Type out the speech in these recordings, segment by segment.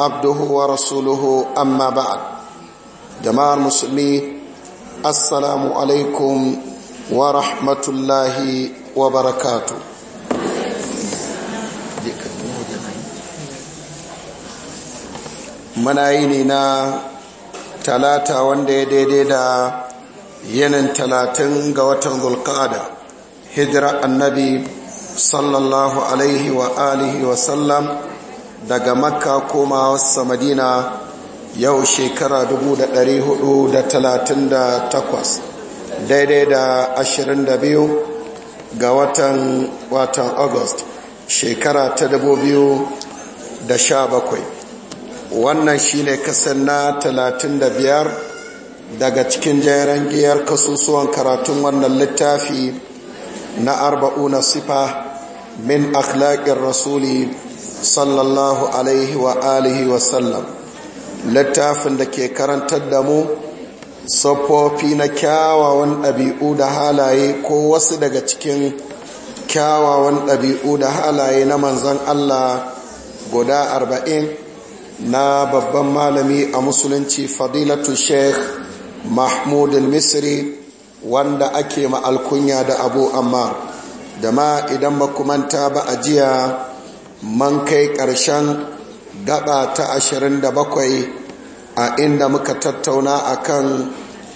abduhu wa rasuluhu amma ba'ad jama'ar musulmi assalamu alaikum wa rahmatullahi wa barakatu mana yi ne na talata wanda ya daidai da yanin talatin ga watan da hijira annabi sallallahu daga makka koma wasu madina yau shekara 438 daidai da 22 ga watan watan august shekara ta 2017 wannan shine kasan na 35 daga cikin jeren giyar kasusuwan karatun wannan littafi na arba'u na sifa min akhlaƙin rasuli sallallahu alaihi wa alihi sallam littafin da ke karantar da mu tsofaffi na kyawawan ɗabi'u da halaye ko wasu daga cikin kyawawan ɗabi'u da halaye na manzan Allah guda arba'in na babban malami a musulunci fadilatu sheikh mahmud misri wanda ake ma'alkunya da abu amma da ma idan ba manta ba a jiya man kai ƙarshen gaba ta 27 a inda muka tattauna akan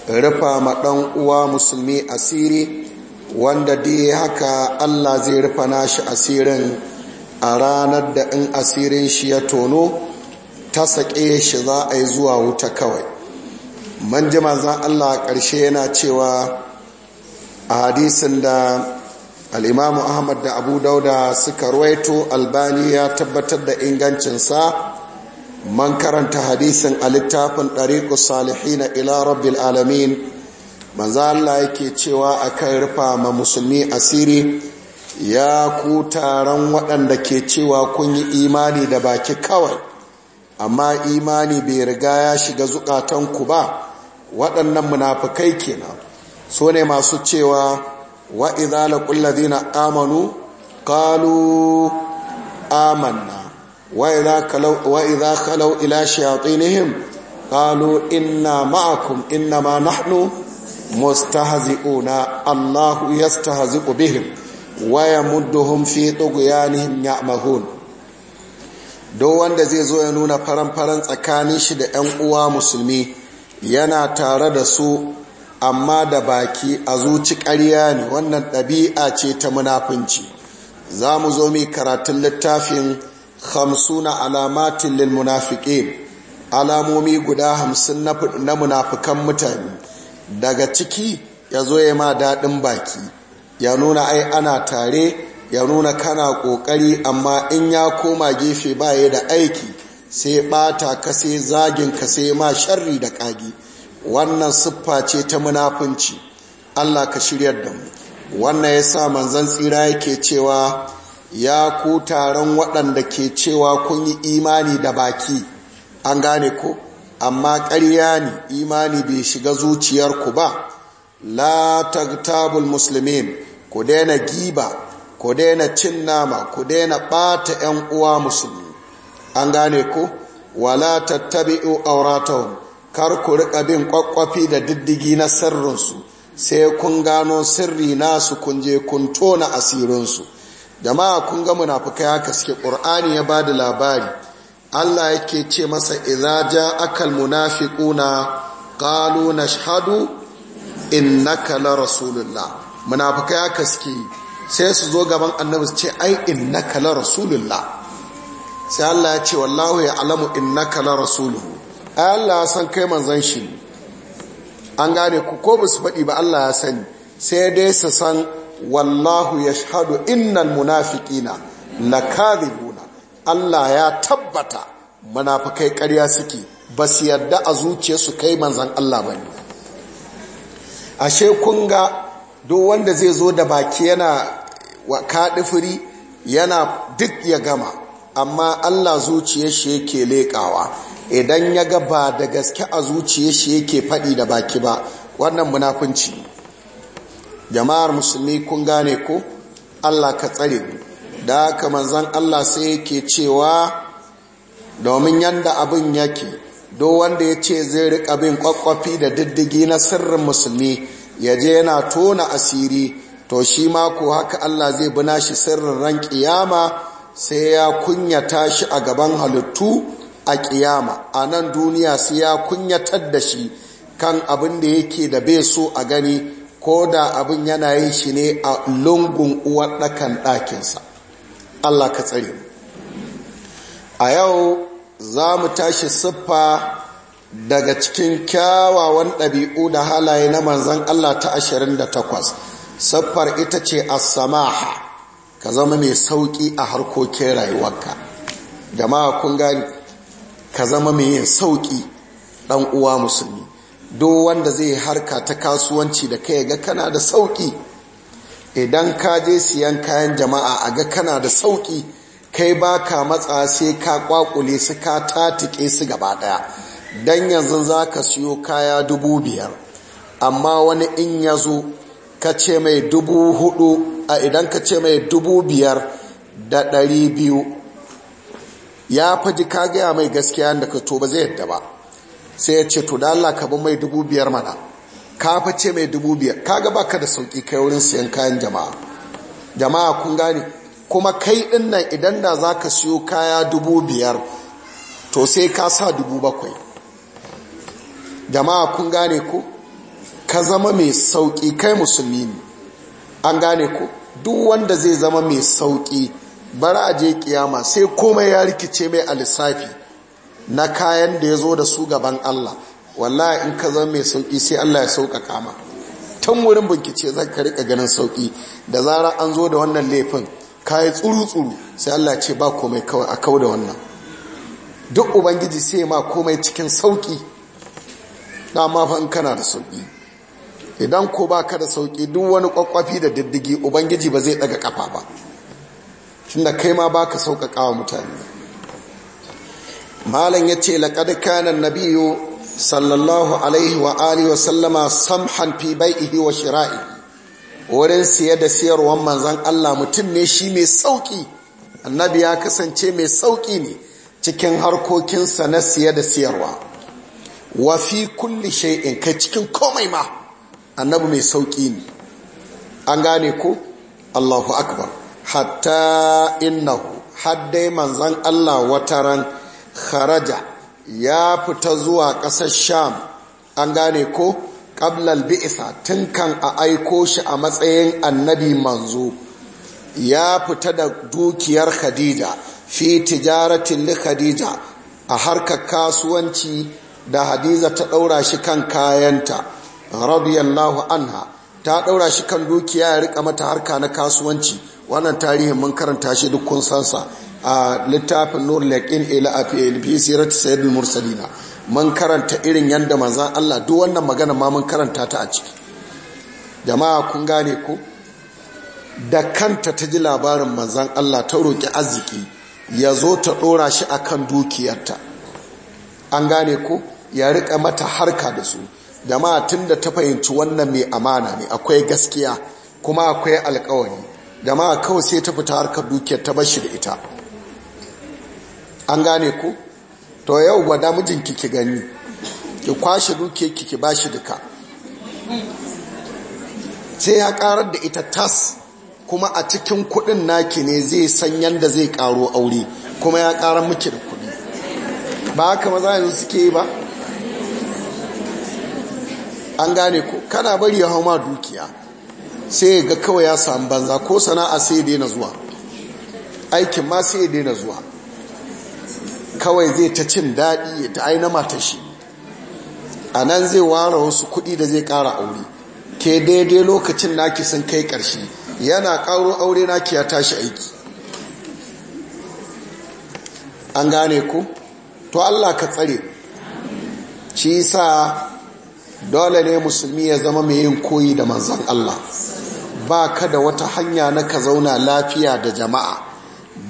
rufa ma ɗan uwa musulmi asiri wanda dai haka Allah zai rufa nashi asirin a ranar da in asirin shi ya tono ta saƙe shi za a yi zuwa wuta kawai man jima za Allah ƙarshe yana cewa a hadisin da al'imamu ahmad da abu dauda suka ruwaito albani ya tabbatar da ingancinsa man karanta hadisin a littafin salihi salihina ila rabbil alamin manza Allah yake cewa akan rufa ma musulmi asiri ya ku taron waɗanda ke cewa kun yi imani da baki kawai amma imani bai riga ya shiga zukatanku ba waɗannan munafukai kenan so ne masu cewa wa idza laqul ladina amanu qalu amanna wa idza kalau wa idza khalu ila shayatinihim qalu inna ma nahnu mustahzi'una allahu yastahzi'u bihim wa yamudduhum fi tughyanihim ya'mahun don wanda zai zo ya nuna faran-faran tsakanin shi da 'yan uwa musulmi yana tare da su amma da baki a zuci ƙarya ne wannan ɗabi'a ce ta munafunci za mu zo mai karatun littafin hamsuna alamatin lil munafiƙe alamomi guda hamsin na munafukan mutane daga ciki ya zo ya ma daɗin baki ya nuna ai ana tare ya nuna kana ƙoƙari amma in ya koma gefe baya da aiki sai ɓata ka sai zagin ka sai ma sharri da ƙagi wannan siffa ce ta munafunci Allah ka shirya da mu wannan ya sa manzan tsira yake cewa ya ku taron waɗanda ke cewa kun yi imani da baki an gane ko amma ƙarya ne imani bai shiga zuciyarku ba la tagtabul muslimin ku daina giba ku daina cin nama ku daina ɓata 'yan uwa musulmi an gane ko wala tattabi'u auratahum kar ku rika bin ƙwaƙwafi da diddigi na sirrinsu sai kun gano sirri nasu kun je kun tona asirinsu jama'a kun ga munafukai haka suke ƙur'ani ya ba da labari allah yake ce masa idza ja akal munafiquna qalu nashhadu innaka la rasulullah munafukai haka suke sai su zo gaban annabi su ce ai innaka la rasulullah sai allah ya ce wallahu ya alamu innaka la rasuluhu Allah san kai manzan shi an gane ku ko ba su faɗi ba Allah ya sani sai dai su san wallahu ya shahadu innal munafiqina lakadhibuna Allah ya tabbata munafikai ƙarya suke ba su yarda a su kai manzan Allah ba ne ashe kun ga duk wanda zai zo da baki yana wa kaɗifiri yana duk ya gama amma Allah zuciyar shi yake leƙawa idan ya ga ba da gaske a zuciya shi yake faɗi da baki ba wannan munafunci jama'ar musulmi kun gane ko Allah ka tsare da haka manzon Allah sai yake cewa domin yadda abin yake do wanda ya ce zai rika bin kwakwafi da diddigi na sirrin musulmi ya je yana tona asiri to shi ma ko haka Allah zai bina shi sirrin ran kiyama sai ya kunyata shi a gaban halittu a kiyama a nan duniya su ya kunyatar da shi kan abin da yake da bai so a gani ko da abin yana yin shi ne a lungun uwar ɗakan ɗakinsa Allah ka tsare a yau za mu tashi siffa daga cikin kyawawan ɗabi'u da halaye na manzan Allah ta 28 siffar ita ce a samaha ka zama mai sauƙi a harkokin rayuwarka jama'a kun gani ka zama mai yin sauki dan uwa musulmi do wanda zai harka ta kasuwanci da kai ga kana da sauki idan ka je siyan kayan jama'a a ga kana da sauki kai ba ka matsa sai ka kwakule su ka tatike su gaba daya dan yanzu za ka siyo kaya dubu biyar amma wani in ya zo ka ce mai dubu hudu a idan ka ce mai dubu biyar da ɗari biyu ya faji ka gaya mai gaskiya da ka to ba zai yadda ba sai ya ce to da Allah ka bi mai dubu biyar mana ka face mai dubu biyar ka ga baka da sauki kai wurin siyan kayan jama'a jama'a kun gane kuma kai din nan idan da za ka siyo kaya dubu biyar to sai ka sa dubu bakwai jama'a kun gane ku ka zama mai sauki kai musulmi an gane ku duk wanda zai zama mai sauki bara a je kiyama sai komai ya rikice mai a lissafi na kayan da ya zo da su gaban Allah wallahi in ka zama mai sauki sai Allah ya sauƙaƙa ma tun wurin bincike zan ka rika ganin sauki da zara an zo da wannan laifin yi tsuru-tsuru sai Allah ce ba komai kawai a kawo da wannan duk ubangiji sai ma komai cikin sauki na in kana da sauki idan ko ba ka da sauki duk wani kwakwafi da diddigi ubangiji ba zai daga kafa ba tunda kai ma baka sauƙaƙa wa mutane malam yace laqad kana an-nabiyyu sallallahu alaihi wa alihi wa sallama samhan fi bai'ihi wa shira'i wurin siye da siyarwar manzon Allah mutum ne shi mai sauki annabi ya kasance mai sauƙi ne cikin harkokinsa na siye da siyarwa wa fi kulli shay'in kai cikin komai ma annabi mai sauƙi ne an gane ko Allahu akbar hatta innahu haddai manzan Allah wata ran kharaja ya fita zuwa ƙasar sham an gane ko ƙablal bi'isa tun kan a aiko shi a matsayin annabi manzo ya fita da dukiyar khadija fi tijaratin li khadija a harkar kasuwanci da hadiza ta ɗaura shi kan kayanta radiyallahu anha ta ɗaura shi kan dukiya ya riƙa mata harka na kasuwanci wannan tarihin mun karanta shi duk kun sansa a littafin nur laqin ila fi sirat sayyidul mursalina mun karanta irin yanda manzon Allah duk wannan magana ma mun karanta ta a ciki jama'a kun gane ko da kanta ta ji labarin manzon Allah ta roki arziki ya zo ta dora shi akan dukiyarta an gane ko ya rika mata harka da su jama'a tunda ta fahimci wannan mai amana ne akwai gaskiya kuma akwai alkawari jama'a kawai sai ta fita harkar dukiyar ta bashi da ita an gane ku to yau gwada mijinki ki gani ki kwashe dukiyar ki bashi bashi duka sai ya karar da ita tas kuma a cikin kudin naki ne zai san yanda zai karo aure kuma ya karar miki da kudi ba haka maza yanzu suke yi ba an gane ku kana bari ya hau ma dukiya sai ga kawai ya samu banza ko sana'a sai daina zuwa aikin ma sai daina zuwa kawai zai ta cin daɗi ya ta aina mata shi a nan zai ware wasu kuɗi da zai ƙara aure ke daidai lokacin naki sun kai ƙarshe yana ƙaro aure naki ya tashi aiki an gane ku to Allah ka tsare shi sa dole ne musulmi ya zama mai yin koyi da manzan Allah ba ka da wata hanya na ka zauna lafiya da jama'a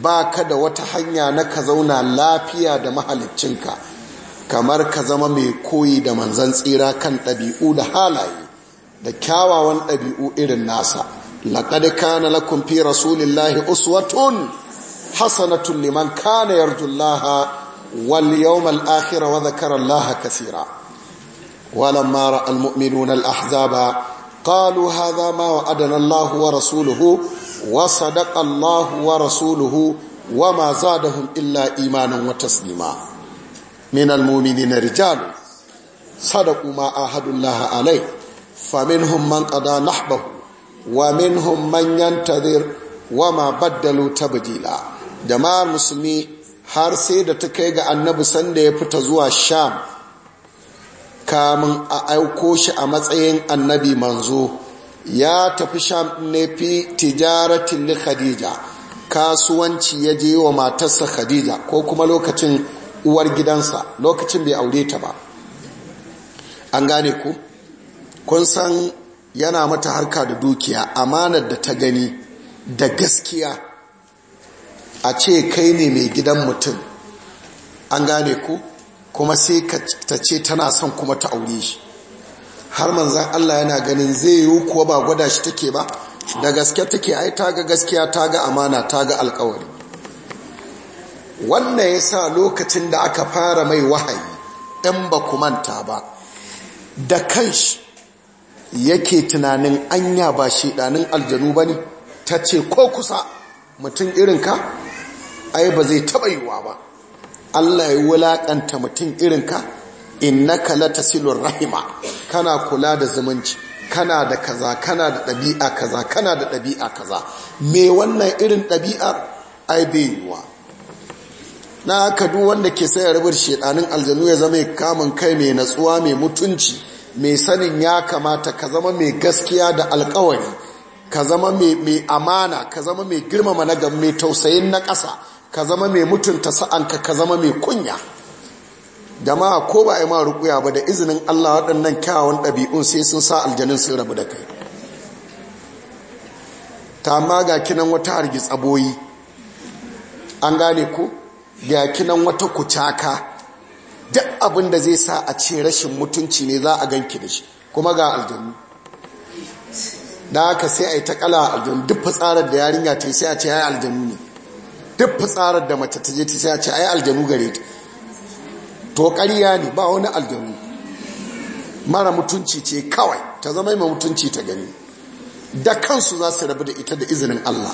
ba ka da wata hanya na ka zauna lafiya da mahalicinka kamar ka zama mai koyi da manzan tsira kan ɗabi'u da halaye da kyawawan ɗabi'u irin nasa laƙad kana lakum fi rasulillahi uswatun hasanatun liman kana yarjullaha wal yawmal akhir wa dhakara allaha kaseera ولما رأى المؤمنون الأحزاب قالوا هذا ما وعدنا الله ورسوله وصدق الله ورسوله وما زادهم إلا إيمانا وتسليما من المؤمنين رجال صدقوا ما عاهدوا الله عليه فمنهم من قضى نحبه ومنهم من ينتظر وما بدلوا تبديلا جماعة المسلمين har sai da ta kai ga annabi sanda ya fita zuwa sham kamun a aiko shi a matsayin annabi manzo ya tafi sham ne fi tijaratin li khadija kasuwanci ya je wa matarsa khadija ko kuma lokacin uwar gidansa lokacin bai aure ta ba an gane ku kun san yana mata harka da dukiya amanar da ta gani da gaskiya a ce kai ne mai gidan mutum an gane ku kuma sai ta ce tana son kuma ta aure shi har manzan Allah yana ganin zai yiwu kuwa ba gwada shi take ba da gaske take ai ta ga gaskiya ta ga amana ta ga alkawari wannan ya sa lokacin da aka fara mai wahayi ɗan ba kumanta ba da kanshi yake tunanin anya ba shi ɗanin aljanu ba ne ta ce ko kusa mutum irinka ai ba zai taɓa yiwuwa ba Allah ya wulaƙanta mutum irinka innaka latasilur rahima kana kula da zumunci kana da kaza kana da ɗabi'a kaza kana da ɗabi'a kaza me wannan irin ɗabi'a ai yiwuwa na haka duk wanda ke sai rubar shedanin aljanu ya zama kamun kai mai natsuwa mai mutunci mai sanin ya kamata ka zama mai gaskiya da alkawari ka zama mai amana ka zama mai girmama na mai tausayin na ƙasa ka zama mai mutunta sa'anka ka zama mai kunya jama'a ko ba a ma rukuya ba da izinin Allah waɗannan kyawawan ɗabi'un sai sun sa aljanin sun rabu da kai ta ma ga kinan wata hargitsa tsaboyi an gane ku ga kinan wata kucaka duk abin da zai sa a ce rashin mutunci ne za a ganki da shi kuma ga aljanu da aka sai a yi ta kala aljanu duk fitsarar da yarinya ta sai a ce ya yi aljanu ne duk fitsarar da mace ta je ta ce ai aljanu gare ta to ƙarya ne ba wani aljanu mara mutunci ce kawai ta zama mai mutunci ta gani da kansu za su rabu da ita da izinin Allah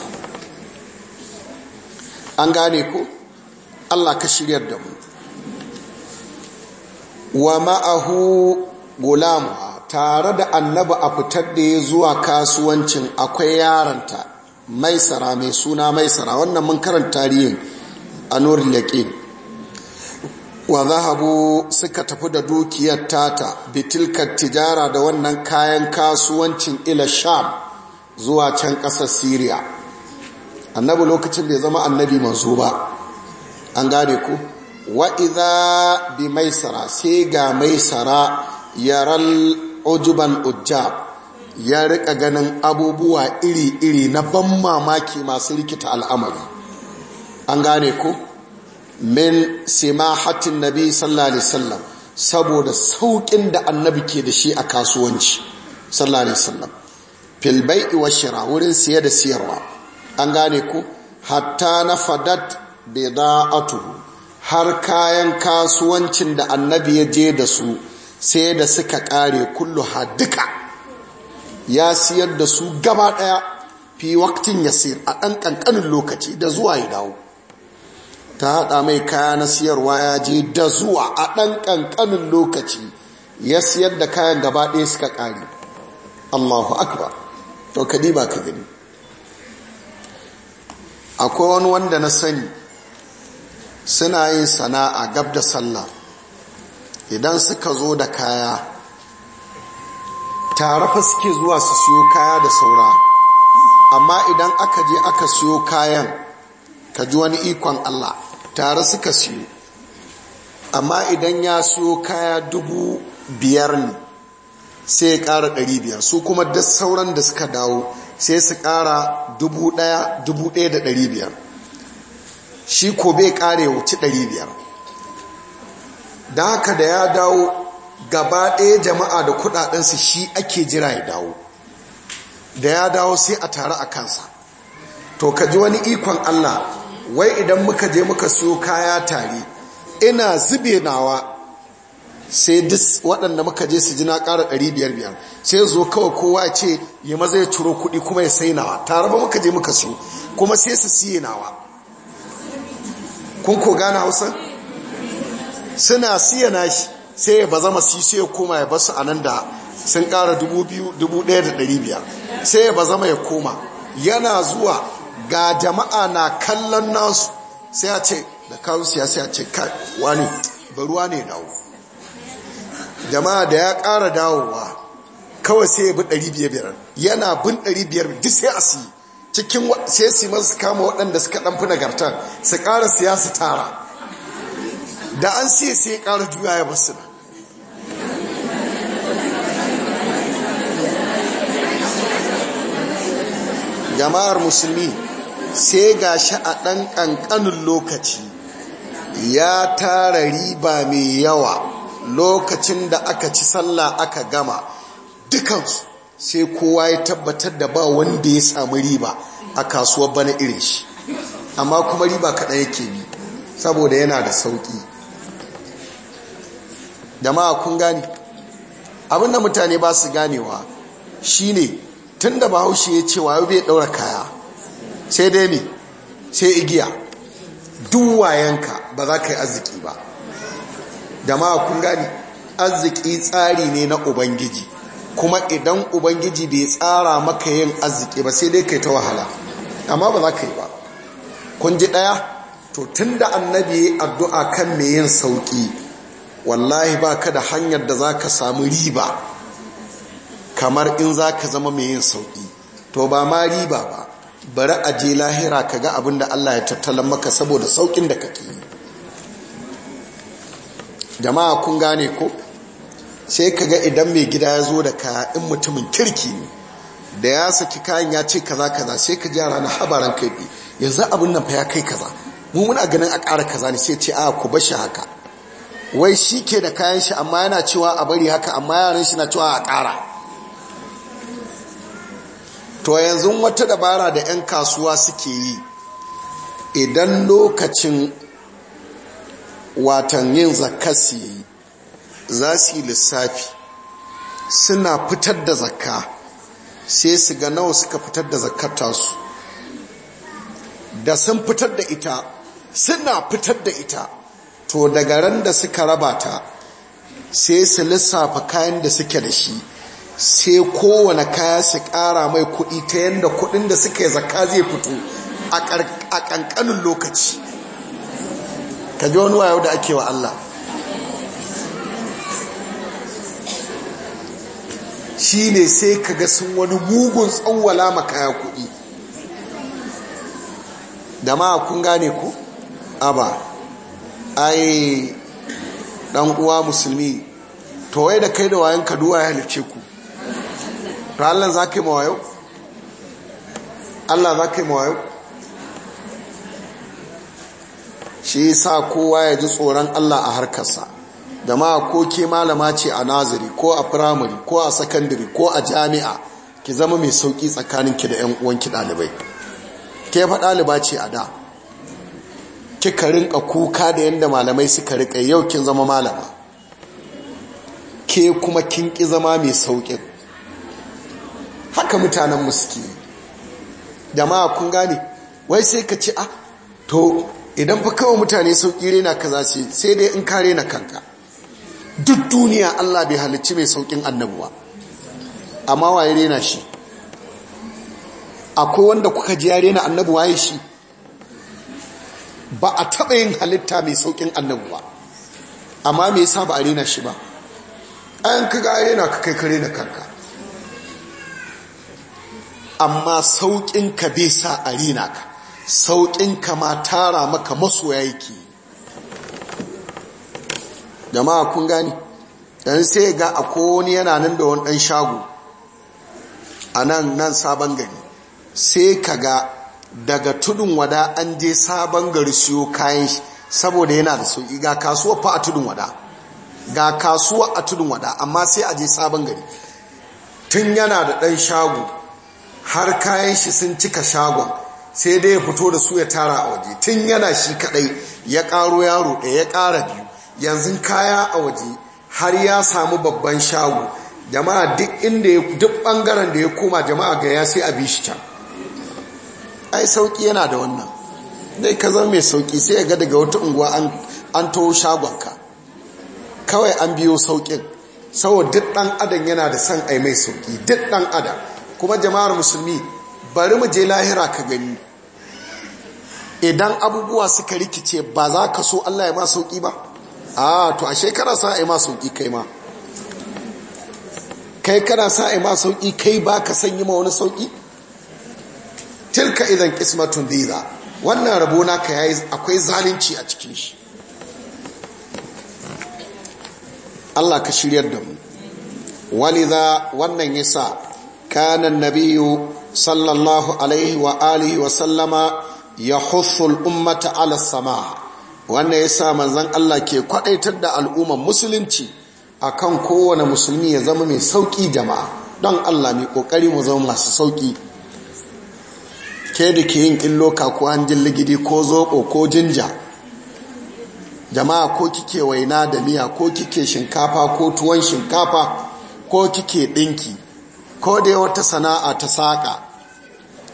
an gane ko Allah ka shiryar da mu wa ma'ahu gulamu tare da annaba a fitar da ya zuwa kasuwancin akwai yaranta maisara mai suna maisara wannan mun karanta tarihin a nori yaƙin wa zahabu suka tafi da dukiyar tata bitilkar tijara da wannan kayan kasuwancin ila sham zuwa can ƙasar syria annabi lokacin bai zama annabi manzo ba an gane ku wa'iza bi maisara sai ga maisara yaran ujuban ujjab ya rika ganin abubuwa iri-iri na ban mamaki masu rikita al'amari an gane ku min simahatin nabi sallallahu alaihi sallam saboda saukin da annabi ke da shi a kasuwanci sallallahu alaihi wasallam fil wurin siya da siyarwa an gane ku? hatta na fadat bida'atuhu har kayan kasuwancin da annabi ya je da su sai da suka kare kullu ha duka ya siyar da su gaba daya fi waktin yasir a ɗan ƙanƙanin lokaci da zuwa ya dawo ta haɗa mai kaya na siyarwa ya je da zuwa a ɗan ƙanƙanin lokaci ya siyar da kayan gaba daya suka ƙari allahu akbar to kadi ba ka gani akwai wani wanda na sani suna yin sana'a gab da sallah idan suka zo da kaya tare fa suke zuwa su siyo kaya da saura amma idan aka je aka siyo kayan ka ji wani ikon Allah tare suka siyo amma idan ya siyo kaya dubu biyar ne sai ya ƙara ɗari biyar su kuma da sauran da suka dawo sai su ƙara dubu ɗaya dubu ɗaya da ɗari biyar shi ko bai ƙare wuce ɗari biyar da haka da ya dawo gaba ɗaya jama'a da kudadensu shi ake jira ya dawo da ya dawo sai a tare a kansa to ka ji wani ikon Allah wai idan muka je muka siyo kaya tare ina zube nawa sai duk waɗanda muka je su ji na ƙara 500 sai zo kawai kowa ce ya maza ya ciro kuɗi kuma ya sai nawa tare ba muka je muka siyo kuma sai su siye nawa kun ko gane hausa suna siya nashi sai ba zama si sai ya koma ya basu a nan da sun ƙara 2,500 sai ba zama ya koma yana zuwa ga jama'a na kallon nasu sai a ce da kawo siyasa ya ce wani baruwa ne dawo jama'a da ya ƙara dawowa kawai sai ya bi 500 yana bin 500 duk sai a siyi cikin sai su masu kama waɗanda suka ɗanfi nagartar su ƙara siyasa tara da an siya sai ƙara juya ya basu na jama'ar musulmi sai ga shi a ɗan ƙanƙanin lokaci ya tara riba mai yawa lokacin da aka ci sallah aka gama dukansu sai kowa ya tabbatar da ba wanda ya samu riba a kasuwar bana irin shi amma kuma riba kaɗan yake bi saboda yana da sauƙi jama'a kun gane abinda mutane ba su ganewa shine tunda bahaushe ya ce wa bai daura kaya sai dai ne sai igiya duwayenka ba za ka yi arziki ba jama'a kun gane arziki tsari ne na ubangiji kuma idan ubangiji bai tsara maka yin arziki ba sai dai kai ta wahala amma ba za ka yi ba kun ji daya to tunda annabi addu'a kan me yin sauki wallahi ba ka da hanyar da za ka samu riba kamar in za ka zama mai yin sauƙi to ba ma riba ba bari a je lahira ka ga abin da Allah ya tattalin maka saboda sauƙin da kake yi jama'a kun gane ko sai ka ga idan mai gida ya zo da kaya in mutumin kirki ne da ya saki kayan ya ce kaza kaza sai ka jara na habaran kai yanzu abin nan fa ya kai kaza mu muna ganin a ƙara kaza ne sai ce a ku bashi haka wai shi ke da kayan shi amma yana cewa a bari haka amma yaran shi na cewa a ƙara to yanzu wata dabara da 'yan kasuwa suke yi idan lokacin watan yin zakka za su yi lissafi suna fitar da zakka sai su ga nawa suka fitar da zakkata su da sun fitar da ita suna fitar da ita to daga ran da suka raba ta sai su lissafa kayan da suke da shi sai kowane kaya su kara mai kuɗi ta yadda kuɗin da suka yi zaka zai fito a ƙanƙanin lokaci ka ji wani wayo da ake wa Allah shi ne sai ka ga sun wani mugun tsawwala makaya kuɗi da ma kun gane ku? aba ai dan uwa musulmi to wai da kai da wayan kaduwa ya halice ku to Allah za ka yi mawayo Allah za ka yi mawayo shi sa kowa ya ji tsoron Allah a harkarsa jama'a ko ke malama ce a naziri ko a firamare ko a sakandare ko a jami'a ki zama mai sauki tsakaninki da 'yan uwanki ɗalibai ke fa ɗaliba ce a da kika rinka kuka da yadda malamai suka rika yau kin zama malama ke kuma kin ki zama mai sauƙin haka mutanen muski jama'a kun gane wai sai ka ci a ah, to idan fa kawai mutane sauƙi rena ka zace sai dai in ka rena kanka duk duniya Allah bai halicci mai sauƙin annabuwa amma waye rena shi akwai wanda kuka ji ya rena annabuwa ya shi ba a taɓa yin halitta mai saukin annabu ba amma mai sa ba a rena shi ba an ka ga ka kai kare na kanka amma sauƙin ka bai sa a rina ka sauƙin ka ma tara maka masoya yake jama'a kun gani dan sai ga a kowani yana nan da wani ɗan shago a nan nan sabon gari sai ka ga daga tudun wada an je sabon gari siyo kayan shi saboda yana da sauki ga kasuwa fa a tudun wada ga kasuwa a tudun wada amma sai a je sabon gari tun yana da ɗan shago har kayan shi sun cika shagon sai dai ya fito da su ya tara a waje tun yana shi kadai ya ƙaro yaro ɗaya ya ƙara biyu yanzu kaya a waje har ya samu babban shago jama'a duk ɓangaren da ya koma jama'a ga ya sai a bi shi can ai sauki yana da wannan dai ka zama mai sauki sai ya ga daga wata unguwa an to ka. kawai an biyo saukin saboda duk dan adam yana da son ai mai sauki duk dan adam kuma jama'ar musulmi bari mu je lahira ka gani idan abubuwa suka rikice ba za ka so Allah ya ma sauki ba a to a shekara sa ai ma sauki kai ma kai kana sa ai ma sauki kai ba ka sanyi ma wani sauki tilka idan Kismatun diza wannan rabo naka yayi akwai zalunci a cikin shi Allah ka shiryar da mu walidha wannan yasa kana nabiyyu sallallahu alaihi wa alihi wa sallama yahussu al-ummata ala samaa wannan yasa manzon Allah ke kwadaitar da al'ummar musulunci akan kowane musulmi ya zama mai sauki jama'a don Allah mai kokari mu zama masu sauki ke da ke yin illoka ko hanjin ligidi ko zoɓo ko jinja jama'a ko kike waina da miya ko kike shinkafa ko tuwon shinkafa ko kike ɗinki ko da wata sana'a ta saƙa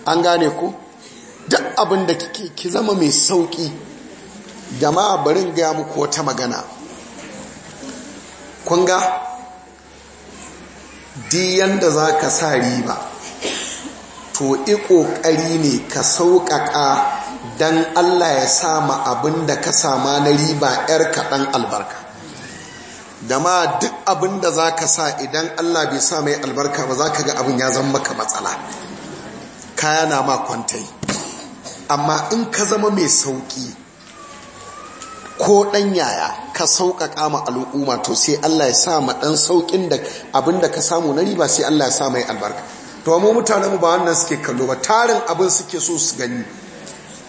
an gane ku duk abin da kike ki zama mai sauƙi jama'a barin gaya muku wata magana kunga diyan da za ka sa riba to i ƙoƙari ne ka sauƙaƙa don Allah ya sama abin da ka sama na riba 'yar kaɗan albarka da ma duk abin da za ka sa idan Allah bai sa mai albarka ba za ka ga abin ya zama maka matsala kaya na ma kwantai amma in ka zama mai sauƙi ko ɗan yaya ka sauƙaƙa ma al'umma to sai Allah ya sa ma ɗan sauƙin da abin da ka samu na riba sai Allah ya sa mai albarka to mu mutanen mu ba wannan suke kallo ba tarin abin suke so su gani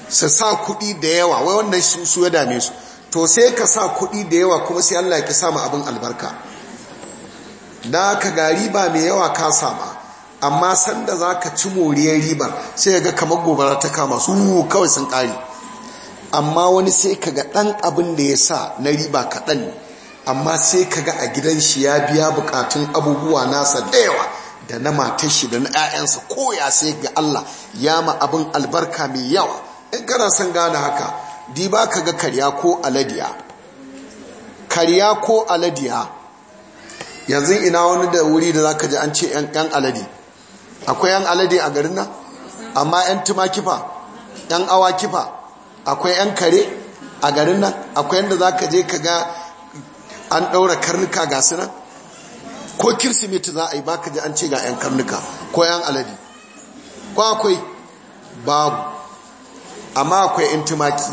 su sa kuɗi da yawa wai wannan su su ya dame su to sai ka sa kuɗi da yawa kuma sai Allah ya ki sama abin albarka da ka ga riba mai yawa ka sama amma sanda za ka ci moriyar riba, sai ga kamar gobara ta kama su kawai sun ƙari amma wani sai ka ga ɗan abin da ya sa na riba kaɗan amma sai ka ga a gidan shi ya biya bukatun abubuwa nasa da yawa da na matan shi da na 'ya'yansa ko ya sai ga Allah ya ma abin albarka mai yawa in kana son gane haka di ba ka ga karya ko aladiya karya ko aladiya yanzu ina wani da wuri da zaka ji an ce yan alade akwai yan alade a garin nan amma yan tumaki fa yan awaki fa akwai yan kare a garin nan akwai yanda zaka je ka ga an ɗaura karnuka ga su ko kirsimeti za a yi baka ji an ce ga 'yan karnuka ko 'yan alade ko akwai babu amma akwai intimaki.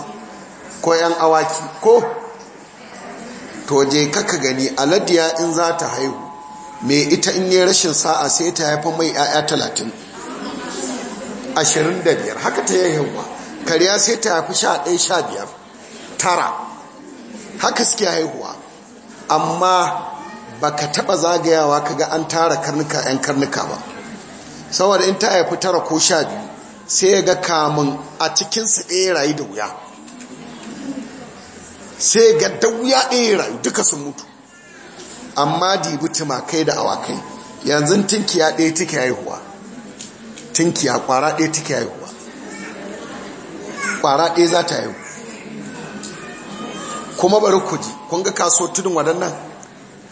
ko 'yan awaki ko to je kaka gani aladiya in za ta haihu mai ita in yi rashin sa'a sai ta haifa mai 'ya'ya talatin ashirin da biyar haka ta yi haihuwa kariya sai ta haifi sha ɗaya sha biyar tara haka suke haihuwa amma Ba ka taba zagayawa ka ga an tara karnuka yan karnuka ba saboda in ta haifi tara ko sha biyu sai ya ga kamun a cikinsu ɗaya rayu da wuya sai ga da wuya ɗaya rayu duka sun mutu amma dibi tumakai da awakai yanzu tunkiya ɗaya take haihuwa Tunkiya ƙwara ɗaya take haihuwa ƙwara ɗaya za ta haihu kuma bari ku ji kun ga kaso tudun waɗannan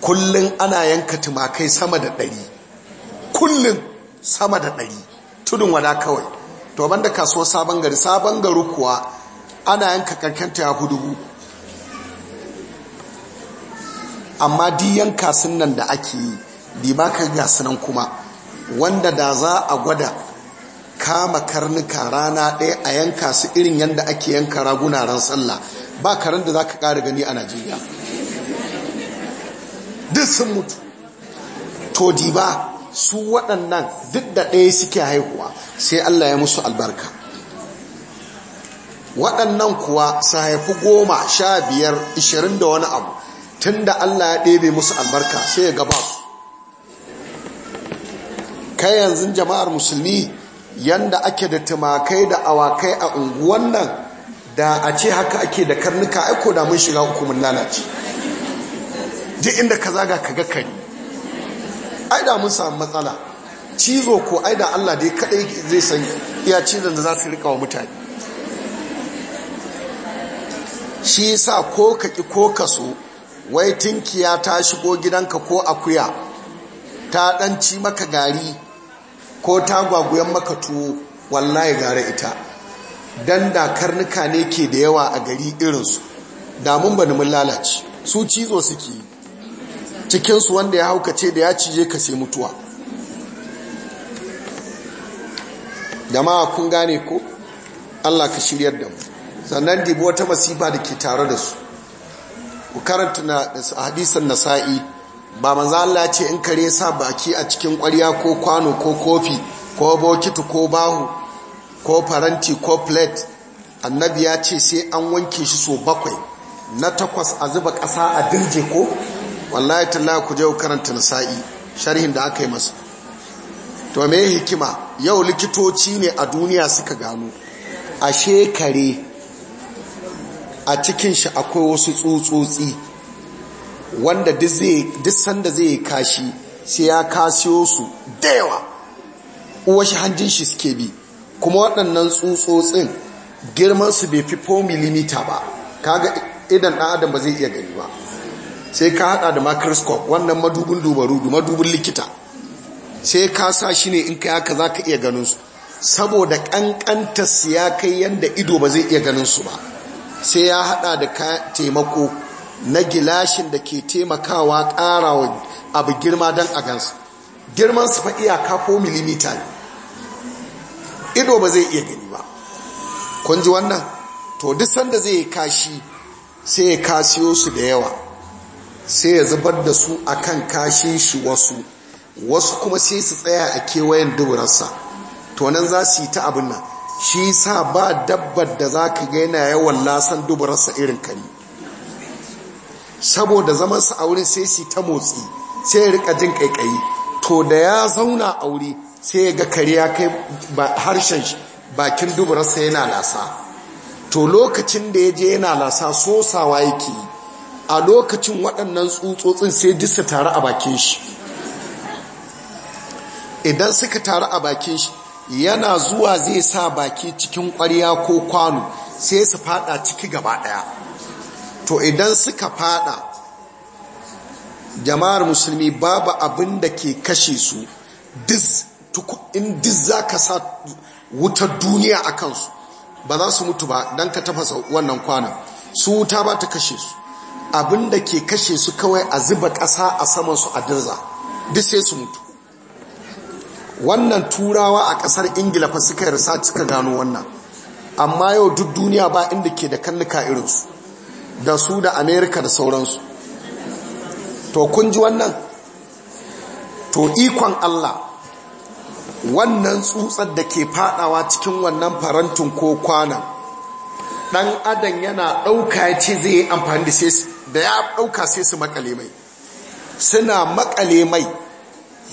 kullum ana yanka tumakai sama da ɗari kullum sama da ɗari tudun wada kawai to banda kasuwar sabon gari sabon gari kuwa ana yanka karkanta ya hudu amma di yanka nan da ake yi limaka gasunan kuma wanda da za a gwada kama karnuka rana ɗaya a yanka su irin yadda ake yanka raguna ran sallah ba karen da za ka ƙara gani a najeriya duk sun mutu to diba su waɗannan duk da ɗaya suke haihuwa sai Allah ya musu albarka waɗannan kuwa su haifi goma sha biyar ishirin da wani abu tun da Allah ya ɗebe musu albarka sai ya gaba su kai yanzu jama'ar musulmi yanda ake da tumakai da awakai a unguwan nan da a ce haka ake da karnuka aiko da mun shiga hukumin lalace duk inda ka zaga ka ga kari ai da mun samu matsala cizo ko ai da Allah dai kadai zai san iya cizon da za su rika wa mutane shi yasa ko ka ki ko ka so wai tinkiya ta shigo gidanka ko akuya ta dan ci maka gari ko ta gwaguyan maka tuwo wallahi gare ita dan da karnuka ne ke da yawa a gari irinsu damun bani mun lalace su cizo suke yi cikinsu wanda ya haukace da ya cije ka sai mutuwa jama'a kun gane ko Allah ka shiryar da mu sannan dibi wata masifa da ke tare da su ku karanta na hadisan nasa'i ba maza Allah ce in kare sa baki a cikin kwarya ko kwano ko kofi ko bokiti ko bahu ko faranti ko plate annabi ya ce sai an wanke shi so bakwai na takwas a zuba ƙasa a dirje ko wallahi talla ku je karanta nasa'i sharhin da aka yi masa to me hikima yau likitoci ne a duniya suka gano a shekare a cikin shi akwai wasu tsutsotsi wanda duk sanda zai yi kashi sai ya kasiyo su da yawa uwa shi hanjin shi suke bi kuma waɗannan tsutsotsin girmansu bai fi 4 mm ba kaga idan ɗan adam ba zai iya gani ba sai ka hada da microscope wannan madubin dubaru madubin likita sai ka sa shi ne in kai haka za ka iya ganin su saboda kankanta ya kai yadda ido ba zai iya ganin su ba sai ya hada da taimako na gilashin da ke taimakawa karawa abu girma don a gansu girman su fa iyaka ko milimita ne ido ba zai iya gani ba kun ji wannan to duk sanda zai kashi sai ya kasiyo su da yawa sai ya zubar da su a kan kashin shi wasu wasu kuma sai su tsaya a kewayen duburarsa to nan za su yi ta abin nan shi sa ba dabbar da za ka ga yawan lasan duburarsa irin kani saboda zamansa a wurin sai su ta motsi sai ya rika jin ƙaiƙayi to da ya zauna a wuri sai ya ga kare ya kai harshen bakin duburarsa yana lasa to lokacin da ya je yana lasa sosawa yake yi a lokacin waɗannan tsutsotsin sai disa tare a bakin shi idan suka tare a bakin shi yana zuwa zai sa baki cikin ƙwariya ko kwano sai su fada ciki gaba ɗaya to idan suka fada jama'ar musulmi babu abin da ke kashe su in duk za ka sa wutar duniya a kansu ba za su mutu ba don ka tafasa wannan kwanan su wuta ba ta kashe su abinda ke kashe su kawai a zuba ƙasa a samansu a dirza duk sai su mutu wannan turawa a ƙasar ingila fa suka yarsa suka gano wannan amma yau duk duniya ba inda ke da kalluka irinsu da su da amerika da sauransu to kun ji wannan to ikon allah wannan tsutsar da ke fadawa cikin wannan farantin ko kwanan dan adam yana ɗauka ya ce zai amfani da sai da ya ɗauka sai su makale mai suna makale mai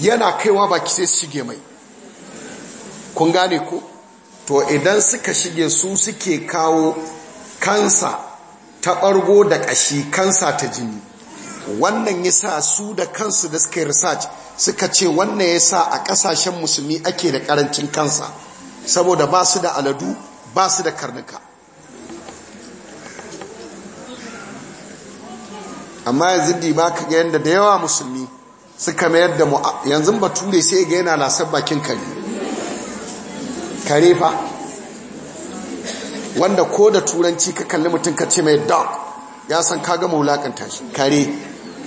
yana kaiwa baki sai su shige mai kun gane ko to idan suka shige su suke kawo kansa ta ɓargo da ƙashi kansa ta jini wannan ya sa su da kansu da suka yi research suka ce wannan ya sa a ƙasashen musulmi ake da ƙarancin kansa saboda ba su da aladu ba su da karnuka amma yanzu ba ka ga yadda da yawa musulmi suka mayar da yanzu bature sai ga yana lasar bakin kare kare fa wanda ko da turanci ka kalli mutum ka ce mai dog ya san ka gama wulakanta shi kare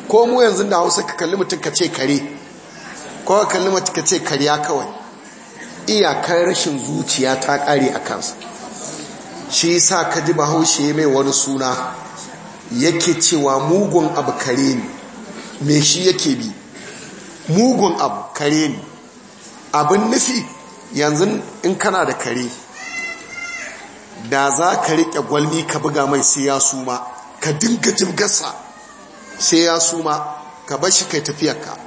ko mu yanzu da hausa ka kalli mutum ka ce kare ko ka kalli mutum ka ce karya kawai iyakar rashin zuciya ta kare a kansa shi sa ka ji bahaushe mai wani suna yake cewa mugun abu kare ne me shi yake bi mugun abu kare ne abin nufi yanzu in kana da kare da za ka riƙe gwalmi ka buga mai sai ya suma ka dinga jibgarsa sai ya suma ka bar shi kai tafiyarka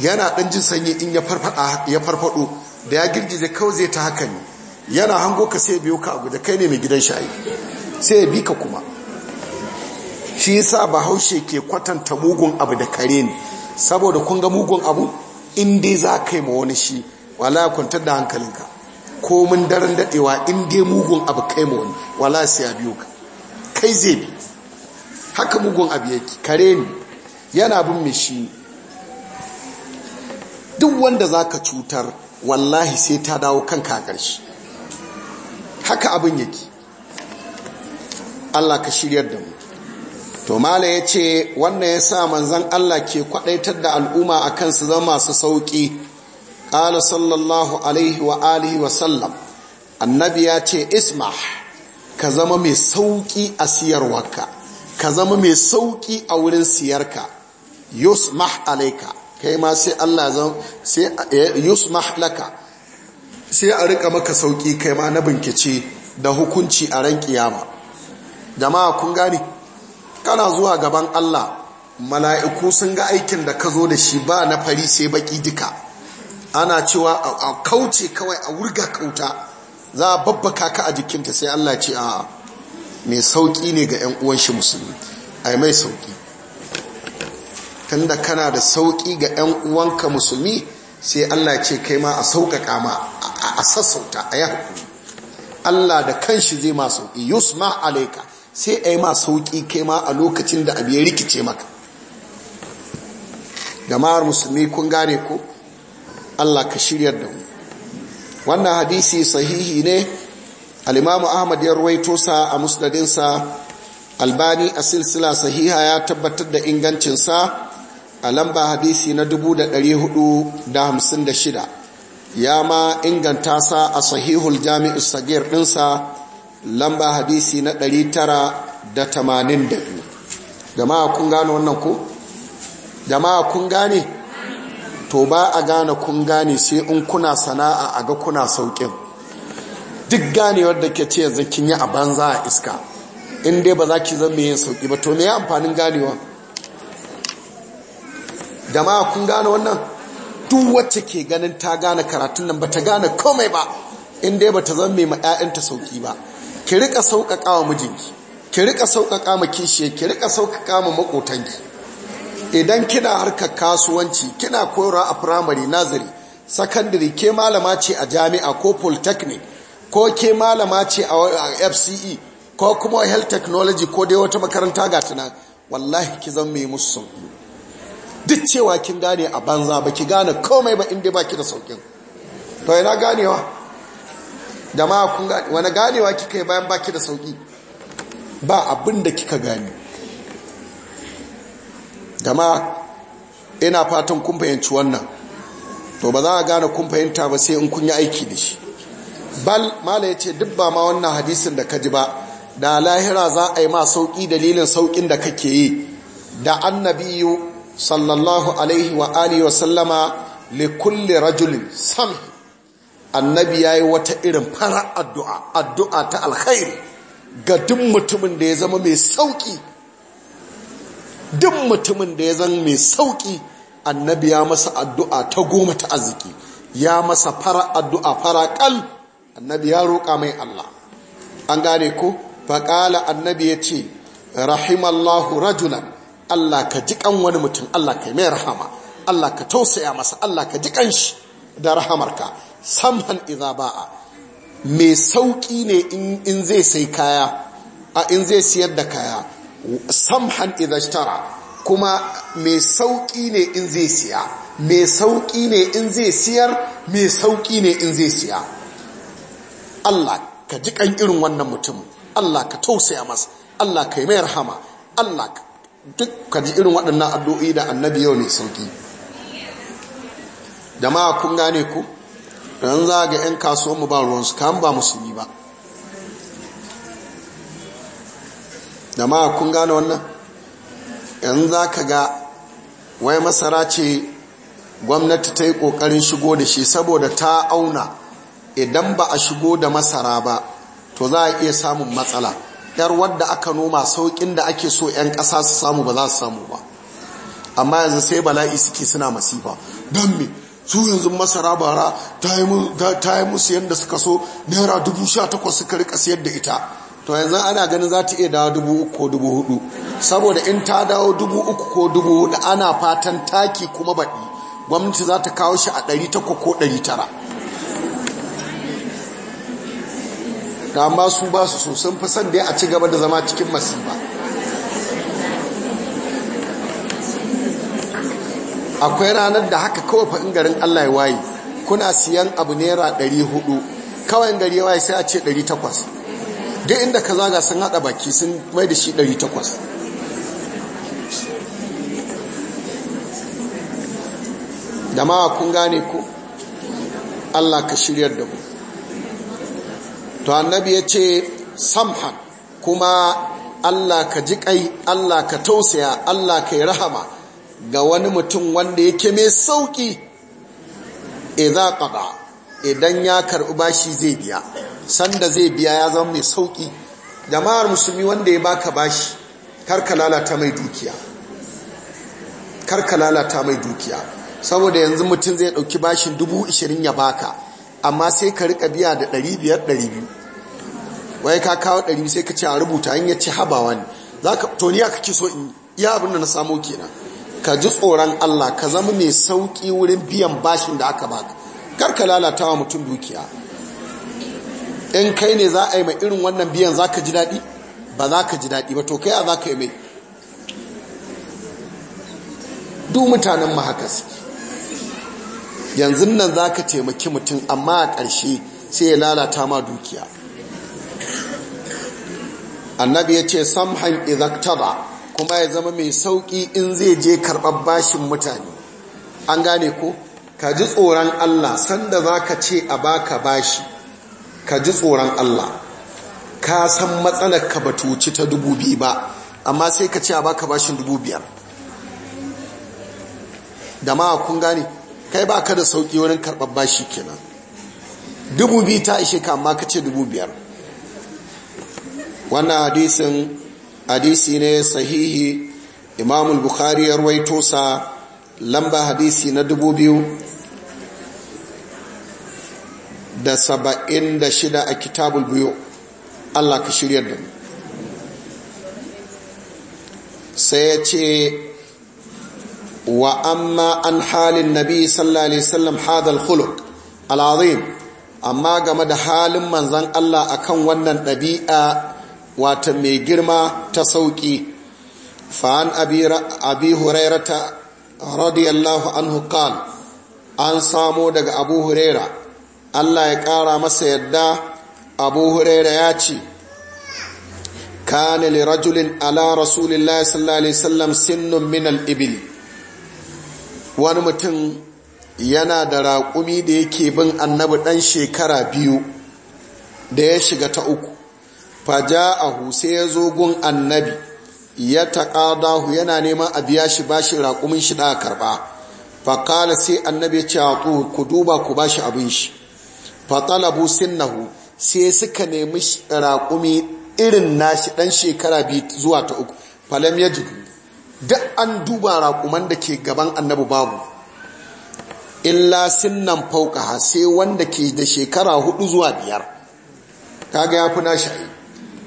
yana ɗan jin sanyi in ya farfaɗo da ya girgize kawai zai ta haka ne yana hango ka sai biyo ka abu da kai ne mai gidan shayi sai ya bi ka kuma shi yasa bahaushe ke kwatanta mugun abu da kare ne saboda kun ga mugun abu in dai za ka yi ma wani shi wala kwantar da hankalinka ko mun daren dadewa in dai mugun abu kai ma wani wala sai ya biyo ka kai zai bi haka mugun abu ya kare ne yana bin mai shi duk wanda za ka cutar wallahi sai ta dawo kanka a ƙarshe haka abin yake Allah ka shiryar da mu to mala ya ce wanda ya sa manzan Allah ke kwadaitar da al'umma a kan su zama masu sauƙi ƙala sallallahu alaihi wa alihi wa sallam annabi ya ce isma ka zama mai sauƙi a siyarwarka ka zama mai sauƙi a wurin siyarka yusmah alaika kai ma sai Allah sai eh, yusmah laka sai a rika maka sauƙi kai ma na bincike da hukunci a ran kiyama jama'a kun gani kana zuwa gaban Allah mala'iku sun ga aikin da ka zo da shi ba na fari sai baki duka ana cewa a kauce kawai a wurga kauta za a babbaka ka a jikinta sai Allah ce a mai sauki ne ga 'yan uwan shi musulmi A mai sauki tunda kana da sauƙi ga 'yan uwanka musulmi sai Allah ce kai ma a sauƙaƙa ma a sassauta a yaku Allah da kanshi zai ma sauki yusma alaika sai a yi ma sauƙi kai ma a lokacin da abu ya rikice maka jama'ar musulmi kun gane ku. Allah ka shiryar da mu wannan hadisi sahihi ne al-imamu ahmad ya ruwaito sa a musnadinsa albani a silsila sahiha ya tabbatar da ingancinsa a lamba hadisi na 456 ya ma inganta sa a sahihul jami'us sagir dinsa lamba hadisi na biyu. jama'a kun gane wannan ko jama'a kun gane to ba a gane kun gane sai in kuna sana'a a ga kuna saukin duk ganewar da ke ce yanzu kin yi a banza a iska in dai ba za ki zama yin sauki ba to me ya amfanin ganewa jama'a kun gane wannan duk wacce ke ganin ta gane karatun nan ba ta gane komai ba in dai ba ta zama mai ma 'ya'yanta sauki ba ki rika sauƙaƙa wa mijinki ki rika sauƙaƙa ma kishiye ki rika sauƙaƙa ma makotanki idan kina harkar kasuwanci kina koyarwa a firamare, nazari secondary ke malama ce a jami'a ko polytechnic ko ke malama ce a FCE ko kuma health technology ko dai wata makaranta ga tana wallahi ki zan mai musu sauƙi duk cewa kin gane a banza ba ki gane komai ba inda ba ki da sauƙin to ina ganewa jama'a kun gani wani ganewa kika yi bayan baki da sauki ba abin da kika gane jama'a ina fatan kun fahimci wannan to ba za a gane kun fahimta ba sai in kun yi aiki da shi bal mala ya ce duk ma wannan hadisin da ka ji ba da lahira za a yi ma sauki dalilin saukin da kake yi da annabiyu sallallahu alaihi wa wa sallama li kulli rajulin sami annabi ya yi wata irin fara addu'a addu'a ta alkhairi ga duk mutumin da ya zama mai sauƙi duk mutumin da ya zama mai sauƙi annabi ya masa addu'a ta goma ta arziki ya masa fara addu'a fara ƙal annabi ya roƙa mai Allah an gane ko faƙala annabi ya ce rahimallahu rajulan Allah ka ji ƙan wani mutum Allah ka yi mai rahama Allah ka tausaya masa Allah ka ji shi da rahamarka samhan idza ba'a mai sauki ne in zai sai kaya a in zai siyar da kaya samhan iza kuma mai sauƙi ne in zai siya mai sauƙi ne in zai siyar mai sauƙi ne in zai siya Allah ka ji kan irin wannan mutum Allah ka tausaya masa Allah ka yi mai rahama Allah duk ka ji irin waɗannan addu'o'i da annabi yau mai sauki jama'a kun gane ku ran za ga 'yan kasuwanmu ba ruwansu kan ba musulmi ba da ma kun gane wannan yan za ka ga wai masara ce gwamnati ta yi ƙoƙarin shigo da shi saboda ta auna idan ba a shigo da masara ba to za a iya samun matsala yar wadda aka noma sauƙin da ake so 'yan ƙasa su samu ba za su samu ba amma yanzu sai bala'i suke suna masifa don me su yanzu masara bara ta yi musu yadda suka so naira dubu sha takwas suka rika siyar da ita to yanzu ana ganin za ta iya dawo dubu uku ko dubu hudu saboda in ta dawo dubu uku ko dubu hudu ana fatan taki kuma baɗi gwamnati za ta kawo shi a ɗari takwa ko ɗari tara da amma su ba su so sun fi son dai a ci gaba da zama cikin masifa akwai ranar da haka kawai fa garin Allah ya waye kuna siyan abu naira 400 kawai gari ya waye sai a ce 800 duk inda ka zaga sun hada baki sun mai da shi 800 da ma kun gane ko Allah ka shiryar da ku. to annabi ya ce samhan kuma Allah ka ji kai Allah ka tausaya Allah ka yi rahama ga wani mutum wanda yake mai sauki idan qada idan ya karɓi bashi zai biya sanda zai biya ya zama mai sauki jama'ar musulmi wanda ya baka bashi karka lalata mai dukiya karka lalata mai dukiya saboda yanzu mutum zai dauki bashin dubu ishirin ya baka amma sai ka rika biya da ɗari biyar ɗari biyu wai ka kawo ɗari sai ka ce a rubuta An yace haba wani za ka toniya kake so in iya abin da na samo kenan ka ji tsoron Allah ka zama mai sauƙi wurin biyan bashin da aka baka kar ka lalata wa mutum dukiya in kai ne za a yi mai irin wannan biyan za ka ji daɗi ba za ka ji daɗi ba to kai a za ka yi mai duk mutanen mahakasi yanzu nan za ka taimaki mutum amma a ƙarshe sai ya lalata ma dukiya annabi ya ce samhan izaktada kuma ya zama mai sauki in zai je karɓar bashin mutane an gane ko ka ji tsoron Allah sanda za ka ce a baka bashi ka ji tsoron Allah ka san matsalar ka ba tuci ta dubu biyu ba amma sai ka ce a baka bashin dubu biyar da ma kun gane kai ba ka da sauki wurin karɓar bashi kenan dubu biyu ta ishe ka amma ka ce dubu biyar wannan hadisin hadisi ne sahihi imamul bukhari ya ruwaito sa lamba hadisi na dubu biyu da saba'in da shida a kitabul biyu Allah ka shirya da sai ya ce wa amma an halin nabi sallallahu alaihi wasallam hadal khuluq al'azim amma game da halin manzan Allah akan wannan ɗabi'a wata mai girma ta sauƙi. fa'an abi ta radiyallahu anhu hukal an samo daga abu huraira Allah ya ƙara masa yadda abu huraira ya ce Kane li rajulin ala rasulillah sallallahu alaihi sallam sinnun minal ibil wani mutum yana da raƙumi da yake bin annabi ɗan shekara biyu da ya shiga ta uku faja'ahu sai ya zo gun annabi ya taqadahu yana neman a biya shi bashi raƙumin shi da karba faqala sai annabi ya ce ku duba ku bashi abin shi fatalabu sinnahu sai suka nemi raƙumi irin nashi dan shekara biyu zuwa ta uku falam yajidu duk an duba rakuman da ke gaban annabi babu illa sinnan fauka sai wanda ke da shekara hudu zuwa biyar kaga ya fi nashi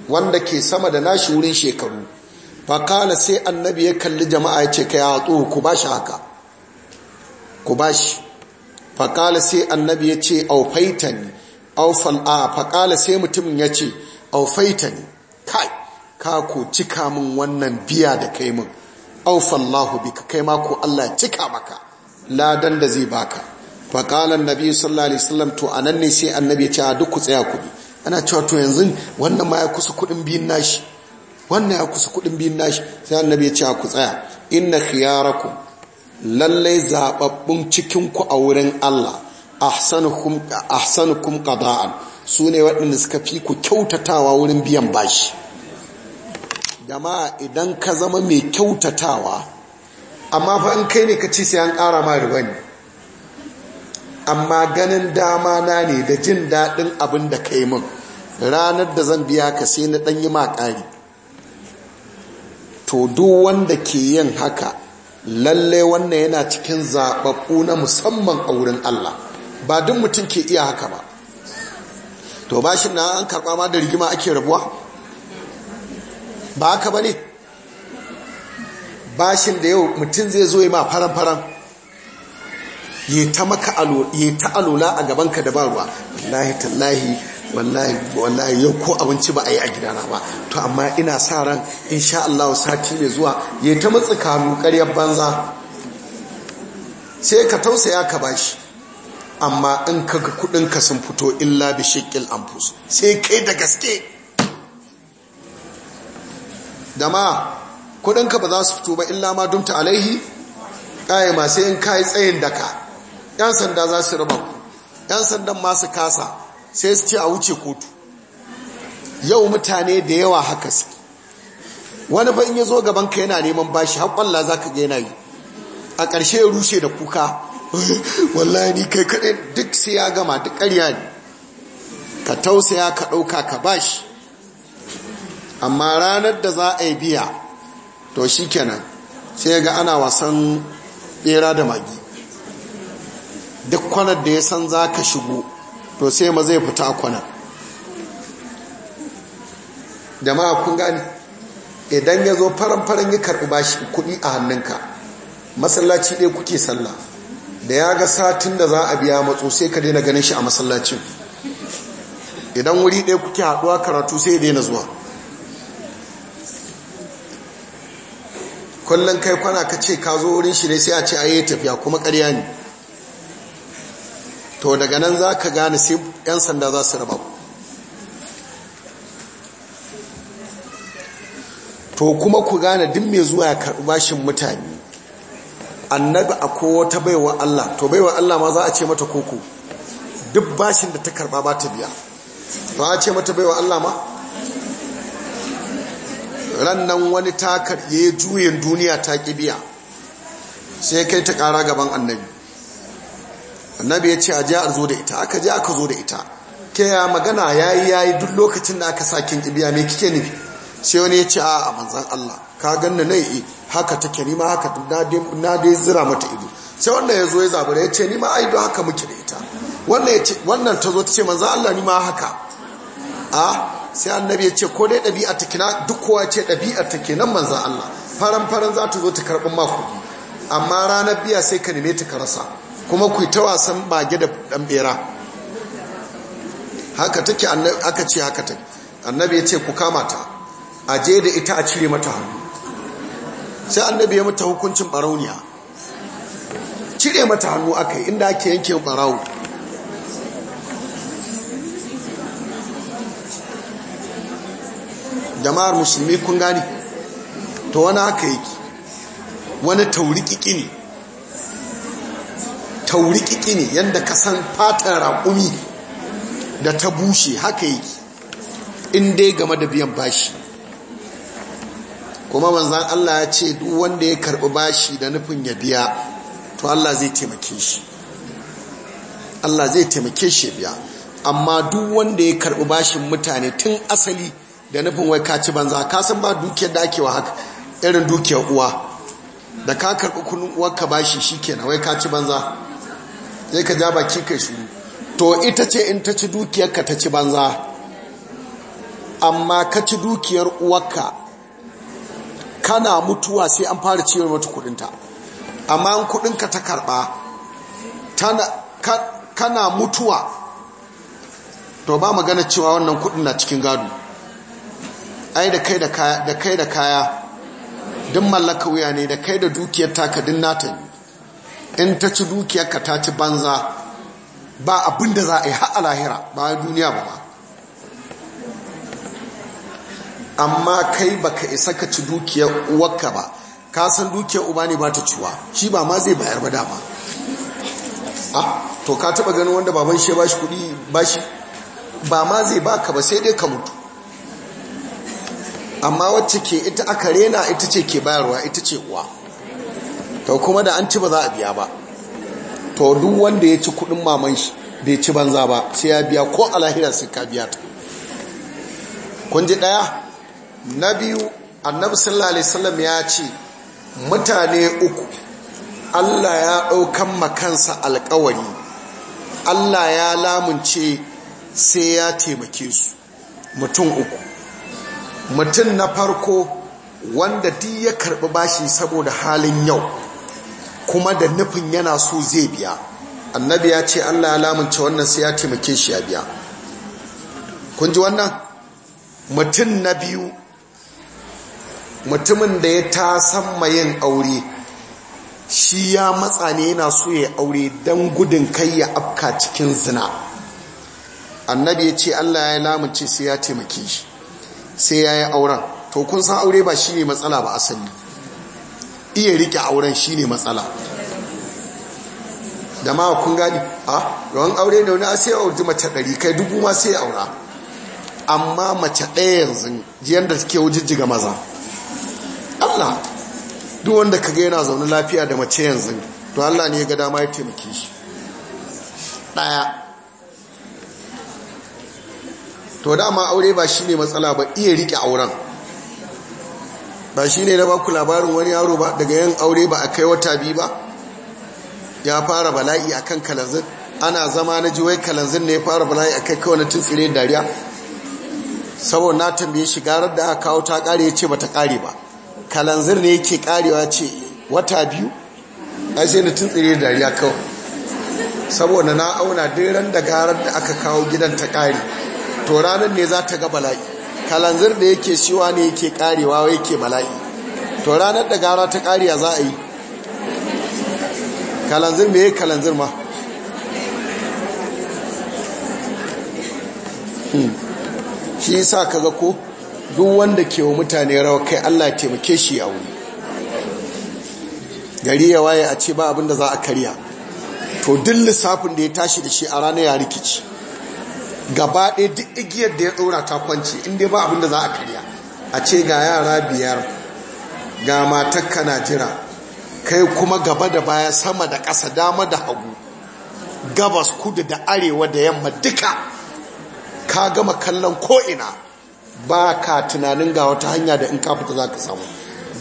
wanda ke sama da nashi wurin shekaru fakala sai annabi ya kalli jama'a ya ce kai hatsu ku ba shi haka ku ba shi fakala sai annabi ya ce aufaitani aufal a fakala sai mutumin ya ce aufaitani kai ka ku cika min wannan biya da kai min aufallahu ka kai ma ku Allah cika maka ladan da zai baka fakalan nabi sallallahu alaihi wasallam to anan ne sai annabi ya ce a duk ku tsaya ku bi ana cewa to yanzu wannan ma ya kusa kudin biyun nashi wannan ya kusa kudin biyun nashi sai annabi ya ce ku tsaya inna khiyarakum lallai zababbun cikin ku a wurin Allah ahsanukum ahsanukum qada'an sune waɗanda suka fi ku kyautatawa wurin biyan bashi jama'a idan ka zama mai kyautatawa amma fa in kai ne ka ci sai an ƙara ma riba amma ganin dama na ne da jin daɗin abin da ka yi min ranar da zan biya ka sai na ɗanyi maƙari to duk wanda ke yin haka lalle wannan yana cikin zaɓaɓɓu na musamman a wurin Allah ba duk mutum ke iya haka ba to ba shi na an karɓa ma da rigima ake rabuwa ba haka ba ne bashin da yau mutum zai zo ya ma faran-faran ya ta alola a gabanka da ba ruwa wallahi tallahi wallahi yau ko abinci ba a yi a gidana ba to amma ina sa ran insha Allah sati mai zuwa ya ta matsa kanu ƙaryar banza sai ka tausaya ka bashi amma in ka kudin ka sun fito illa bi shekil amfus sai kai da gaske dama ka ba za su fito ba illa ma dumta alaihi ƙaye ma sai in kayi tsayin daka yan sanda za su raba ku yan sandan masu kasa sai su ce a wuce kotu yau mutane da yawa haka su wani ban in ya zo gaban ka yana neman bashi haƙwalla za ka yana yi a ƙarshe ya rushe da kuka wallahi ni kai kaɗai duk sai ya gama duk ƙarya ne ka tausaya ka ɗauka ka bashi amma ranar da za a yi biya to shi kenan sai ga ana wasan ɓera da magi duk kwanar da ya san za ka shigo to sai ma zai fita kwana jama'a kun gani idan ya zo faran-faran ya karɓi shi kuɗi a hannunka masallaci ɗaya kuke sallah da ya ga satin da za a biya matso sai ka daina ganin shi a masallacin idan wuri ɗaya kuke haɗuwa karatu sai daina zuwa kullum kai kwana ka ce ka zo wurin shi ne sai a ce a yi tafiya kuma ƙarya ne to daga nan za ka gane sai 'yan sanda za su raba to kuma ku gane duk mai zuwa ya karɓi bashin mutane annabi a kowata baiwa Allah to baiwa Allah ma za a ce mata koko duk bashin da ta karɓa ba ta biya ba a ce mata baiwa Allah ma rannan wani ya yi juyin duniya ta ƙibiya sai kai ta ƙara gaban annabi annabi ya ce a ji zo da ita aka ji aka zo da ita ke ya magana yayi yayi duk lokacin da aka sakin ibiya me kike nufi sai wani ya ce a manzan Allah ka ganna nai eh, haka take ni ma haka na dai zira mata ido sai wannan ya zo ya zabura ya ce ni ma ai haka muke da ita wannan ta zo ta ce manzan Allah ni ma haka a sai annabi ya ce ko dai ɗabi'a ta kina duk kowa ce ɗabi'a ta kenan manzan Allah faran faran za ta zo ta karɓi mako amma ranar biya sai ka nime ta ka rasa kuma ku ta wasan bage da dan bera haka take Annabi aka ce haka take annabi ya ce ku kama ta a je da ita a cire mata hannu sai annabi ya mata hukuncin barauniya cire mata hannu aka inda ake yanke barawo jama'ar musulmi kun gani to wani haka yake wani taurikiki ne taurikiki ne yadda ka san fatan raƙumi da ta bushe haka yake in dai game da biyan bashi kuma manzan Allah ya ce duk wanda ya karɓi bashi da nufin ya biya to Allah zai taimake shi Allah zai taimake shi biya amma duk wanda ya karɓi bashin mutane tun asali da nufin wai kaci banza ka san ba dukiyar da ake wa haka irin dukiyar uwa da ka karɓi kunun ka bashi shi kenan, wai kaci banza sai ka ja baki kai shuru to ita ce in ta ci dukiyarka ta ci banza amma ka ci dukiyar uwarka kana mutuwa sai an fara ciwon mata kudinta amma in kudinka ta karba kana mutuwa to ba magana cewa wannan kudin na cikin gado ai da kai da kaya duk mallaka wuya ne da kai da dukiyar takadin nata ne in ta ci dukiyarka ta ci banza ba abin da za a yi ha'a lahira ba duniya ba ba amma kai ba ka isa ka ci dukiyar uwarka ba ka san dukiyar uba ne ba ta ciwa shi ba ma zai bayar ba dama to ka taba ganin wanda baban shi ba shi kudi ba shi ba ma zai baka ba sai dai ka mutu amma wacce ke ita aka rena ita ce ke bayarwa ita ce uwa to kuma da an ci ba za a biya ba to duk wanda ya ci kudin maman shi bai ci banza ba sai ya biya ko a lahira sai ka biya ta kun ji daya na biyu annabi sallallahu alaihi ya ce mutane uku Allah ya daukan makansa alkawari Allah ya lamunce sai ya taimake su mutum uku mutum na farko wanda duk ya karbi bashi saboda halin yau kuma da nufin yana so zai biya annabi ya ce Allah ya lamunce wannan sai ya taimake shi ya biya kun ji wannan mutum na biyu mutumin da ya ta tasan yin aure shi ya matsa ne yana so ya aure don gudun kai ya afka cikin zina annabi ya ce Allah ya lamunce sai ya taimake shi sai ya yi auren to kun san aure ba shi ne matsala ba asali iya rike auren shine matsala da ma kun gani a ah, yawan aure da wani a sai aure mace ɗari kai dubu ma sai aura amma mace ɗaya yanzu jiyar da suke wujijjiga maza Allah duk wanda ka yana zaune lafiya da mace yanzu to Allah ne ya ga dama ya taimaki shi ɗaya to dama aure ba shine matsala ba iya rike auren ba shi ne na baku labarin wani yaro ba daga yin aure ba a kai wata biyu ba ya fara bala'i a kan kalanzin ana zama na jiwai kalanzin ne ya fara bala'i a kai kawai na tuntsire dariya saboda na tambaye shi garar da aka kawo ta kare ya ce ba ta kare ba kalanzir ne yake karewa ce wata biyu ai sai na tuntsire dariya kawai saboda na auna duk ran da garar da aka kawo gidan ta kare to ranar ne za ta ga bala'i kalanzir da yake siwa ne yake karewa yake bala'i to ranar da gara ta kariya za a yi kalanzir me kalanzir ma hmm. shi sa kaga ko duk wanda ke wa mutane rawa kai Allah ke taimake shi a wuri gari ya waye a ce ba abinda za a karya to duk lissafin da ya tashi da shi a ranar ya rikici gaba ɗaya duk igiyar da ya tsora ta kwanci inda ba abinda za a karya a ce ga yara biyar ga matakka na jira kai kuma gaba da baya sama da ƙasa dama da hagu gabas kudu da arewa da yamma duka ka gama kallon ko'ina ba ka tunanin ga wata hanya da in ka fita za ka samu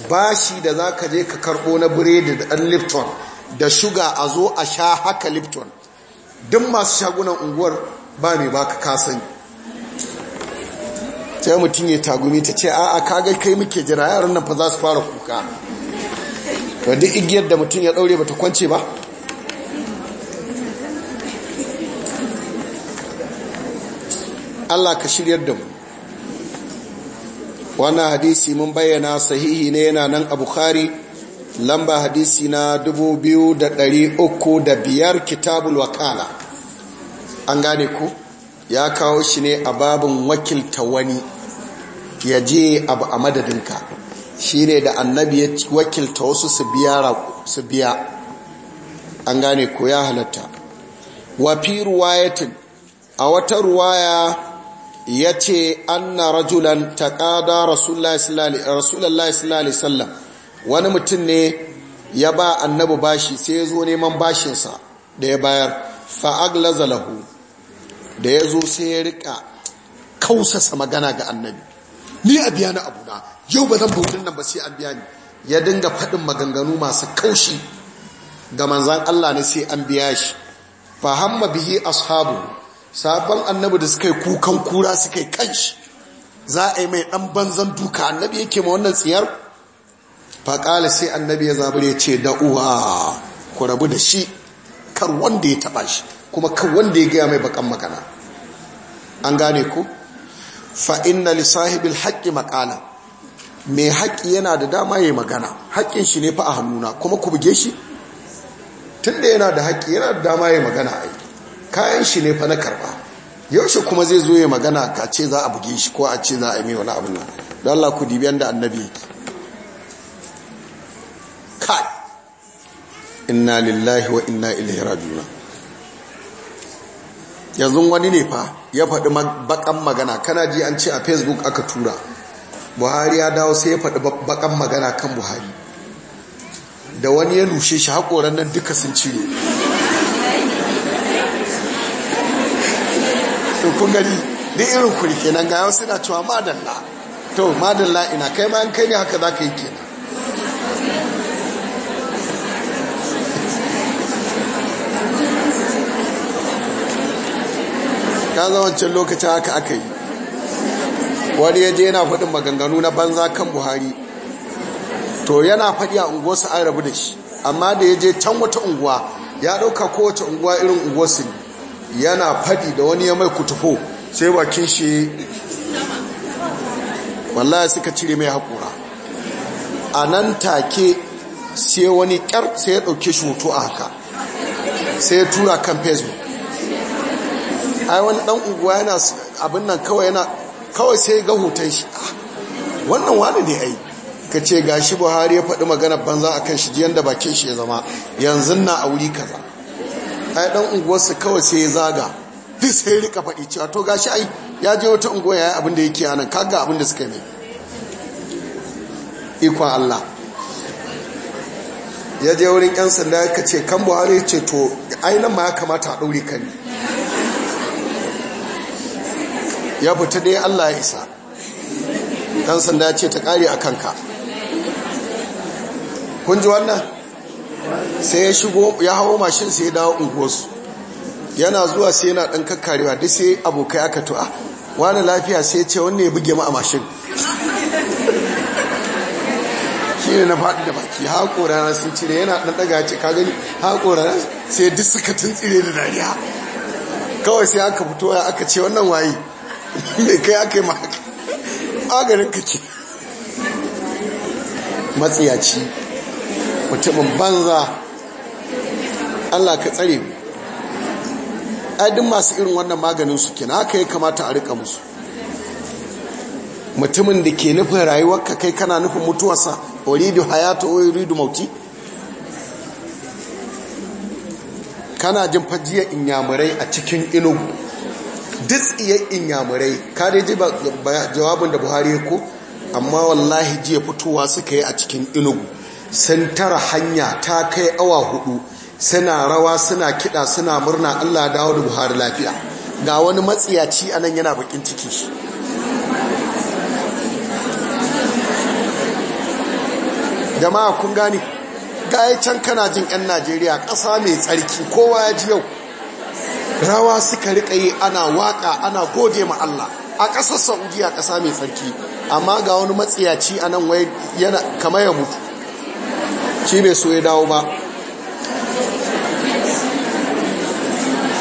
bashi da za ka je ka karɓo na biredi da ɗan lipton da shuga a zo a sha haka lipton duk masu shagunan unguwar ba mai baka kasan sai mutum ya tagumi ta ce a'a kaga kai muke jira yaran nan fa za su fara kuka to duk igiyar da mutum ya daure ba ta kwance ba Allah ka shiryar da mu wannan hadisi mun bayyana sahihi ne yana nan a bukhari lamba hadisi na 2305 kitabul wakala an gane ku ya kawo shi ne a babin wakilta wani ya je abu a madadinka shi ne da annabi ya wakilta wasu su biya an gane ku ya halatta wafi ruwayatin a wata ruwaya ya ce anna rajulan taƙada rasulallah sallallahu sallam wani mutum ne ya ba annabi bashi sai ya zo neman bashinsa da ya bayar fa'aglaza lahu da ya zo sai ya rika kausasa magana ga annabi ni a biya na abuna yau ba zan bautin nan ba sai an biya ni ya dinga faɗin maganganu masu kaushi ga manzan Allah ne sai an biya shi fahamma bihi ashabu sabon annabi da suka yi kukan kura suka yi kanshi za a yi mai ɗan banzan duka annabi yake ma wannan tsiyar faƙali sai annabi ya ya ce da uwa ku rabu da shi kar wanda ya taɓa shi kuma kan wanda ya gaya mai bakan magana an gane ku fa inna li sahibil haqqi maqala mai haƙƙi yana da dama ya magana Haƙƙin shi ne fa a hannuna kuma ku buge shi tunda yana da haƙƙi yana da dama ya magana yi kayan shi ne fa na karba yaushe kuma zai zo ya magana ka ce za a buge shi ko a ce za a yi mai wani abin nan don Allah ku dibiyan da annabi yake kai inna lillahi wa inna ilaihi raji'un yanzu wani ne fa ya faɗi bakan magana kana ji an ce a facebook aka tura buhari ya dawo sai ya faɗi bakan magana kan buhari da wani ya nushe shi haƙoran nan duka sun cire to kun gani duk irin kurke nan ga yau suna cewa madalla to madalla ina kai ma an kai ne haka za ka yi kenan ya zama wancan lokacin haka aka yi wani ya je yana faɗin maganganu na banza kan buhari to yana faɗi a unguwarsa an rabu da shi amma da ya je can wata unguwa ya ɗauka kowace unguwa irin unguwarsu yana faɗi da wani ya mai kutufo sai bakin shi wallahi suka cire mai haƙura a nan take sai wani ƙyar sai ya ɗauke shi hoto a haka sai ya tura kan facebook ai wani dan unguwa yana abin nan kawai yana kawai sai ga hoton shi ah, wannan wani ne ai ka ce gashi buhari ya faɗi magana banza a kan shi jiyan da bakin shi ya zama yanzu na a wuri kaza ai dan unguwarsu kawai sai ya zaga duk sai rika faɗi cewa to gashi ai ya je wata unguwa ya yi abin da yake anan kaga abin da suka yi ikon Allah ya je wurin 'yan sanda ya ce kan buhari ce to ainihin ma ya kamata a ɗaure kan ya fita dai Allah ya isa dan sanda ce ta kare a kanka kun ji wannan sai ya shigo ya hawo mashin sai ya dawo unguwarsu yana zuwa sai yana dan kakkarewa duk sai abokai aka tu'a ah, wani lafiya sai ya ce wanne ya buge mu a mashin shi ne na faɗi da baki haƙorana sun cire yana ɗan ɗaga ce ka gani haƙorana sai duk suka tun tsire da dariya kawai sai aka fito ya aka ce wannan waye mai kai aka yi maka agarin ka ce matsiyaci mutumin banza allah ka tsare mu adin masu irin wannan maganin su kina haka ya kamata a rika musu mutumin da ke nufin rayuwarka kai kana nufin mutuwarsa oridu hayata oridu mauti kana jin fajiyar inyamurai a cikin inugu Duk dutsiyar inyamurai ka dai ji jawabin da buhari ya ko amma wallahi jiya fitowa suka yi a cikin inugu sun tara hanya ta kai awa hudu suna rawa suna kiɗa suna murna allah dawo da buhari lafiya ga wani matsiyaci a nan yana bakin ciki jama'a kun gani ga can kana jin 'yan najeriya ƙasa mai tsarki kowa ya ji yau rawa suka rika yi ana waka ana gode ma Allah a ƙasar a ƙasa mai sarki amma ga wani matsiyaci a nan wai yana kama ya mutu shi bai so ya dawo ba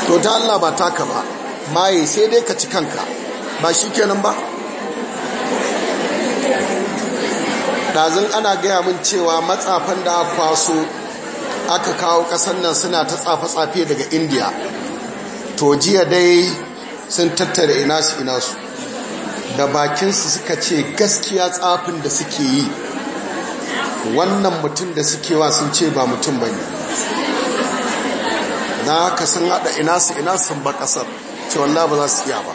to ta Allah ba taka ba maye sai dai ka ci kanka ba shi kenan ba ɗazin ana gaya min cewa matsafan da kwaso aka kawo ƙasar nan suna ta tsafe-tsafe daga indiya to jiya dai sun tattara ina su ina su da bakinsu suka ce gaskiya tsafin da suke yi wannan mutum da suke wa sun ce ba mutum ba ne na haka sun haɗa ina su ina sun ba ƙasar ce wallah ba za su iya ba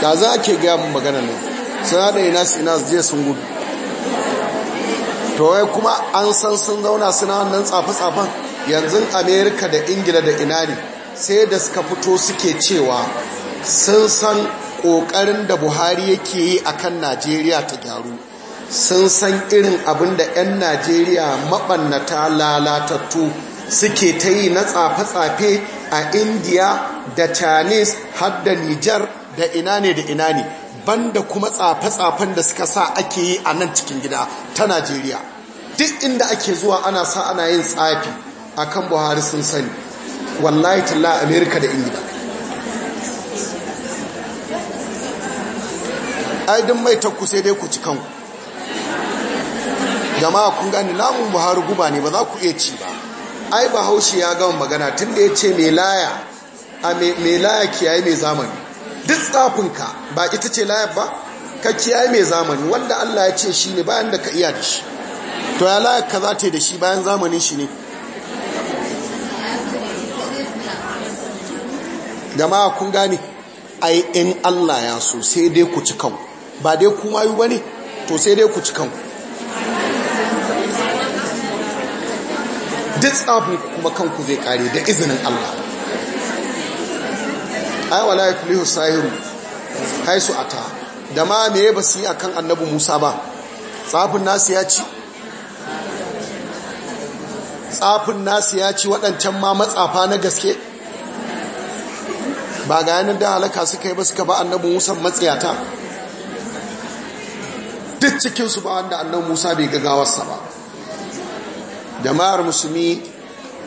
da za a ke gaya mun magana ne sun haɗa ina su ina su je sun gudu to wai kuma an san sun zauna suna wannan tsafe-tsafen yanzu amerika da ingila da ina ne sai da suka fito suke cewa sun san ƙoƙarin da buhari yake yi a kan najeriya ta gyaru sun san irin abin da 'yan najeriya maɓannata lalatattu suke ta yi na tsafe-tsafe a indiya da chinese har da nijar da ina ne da ina ne banda kuma tsafe-tsafen da suka sa ake yi a nan cikin gida ta najeriya duk inda ake zuwa ana sa ana yin tsafi akan buhari sun sani wallahi talla amerika da ingila aidin mai takku sai dai ku ci kanku jama'a kun gani namun buhari guba ne ba za ku iya ci ba ai ba haushi ya gama magana tun da ya ce mai laya a mai laya kiyaye mai zamani duk tsafinka ba ita ce laya ba ka kiyaye mai zamani wanda allah ya ce shi ne bayan da ka iya da shi to ya laya ka za ta yi da shi bayan zamanin shi ne jama'a kun gane ai in Allah ya so sai dai ku ci kanku ba dai kuma yi bane to sai dai ku ci kanku duk tsafin kuma kanku zai kare da izinin Allah ai wala yaflihu sahiru haisu ata da ma me ba su yi akan annabi Musa ba tsafin nasu ya ci tsafin nasu ya ci waɗancan ma matsafa na gaske ba ga yanar da halaka suka yi ba suka ba annabi musa matsiyata duk cikinsu ba wanda annabi musa bai ga gawarsa ba jama'ar musulmi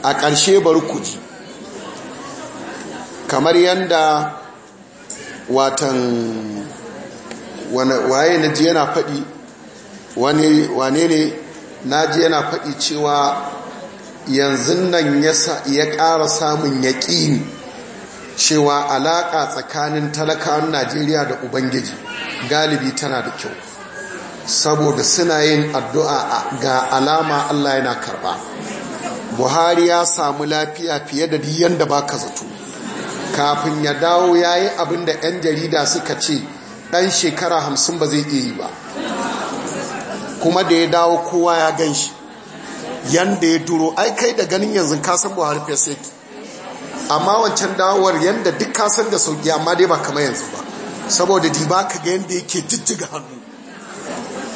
a ƙarshe bari kuji kamar yadda watan waye na ji yana faɗi wane ne na ji yana faɗi cewa yanzu nan ya ƙara samun yaƙini cewa alaƙa tsakanin talakawan najeriya da ubangiji galibi tana da kyau saboda suna yin addu'a ga alama allah yana karɓa buhari ya samu lafiya fiye da yadda ba ka zato kafin ya dawo ya yi abin da 'yan jarida suka ce ɗan shekara hamsin ba zai iya yi ba kuma da ya dawo kowa ya gan shi yadda ya duro ai kai da ganin yanzu kasan buhari fesaki amma wancan dawowar yadda duk san da sauki amma dai ba kama yanzu ba saboda diba ka ga yadda yake jijjiga hannu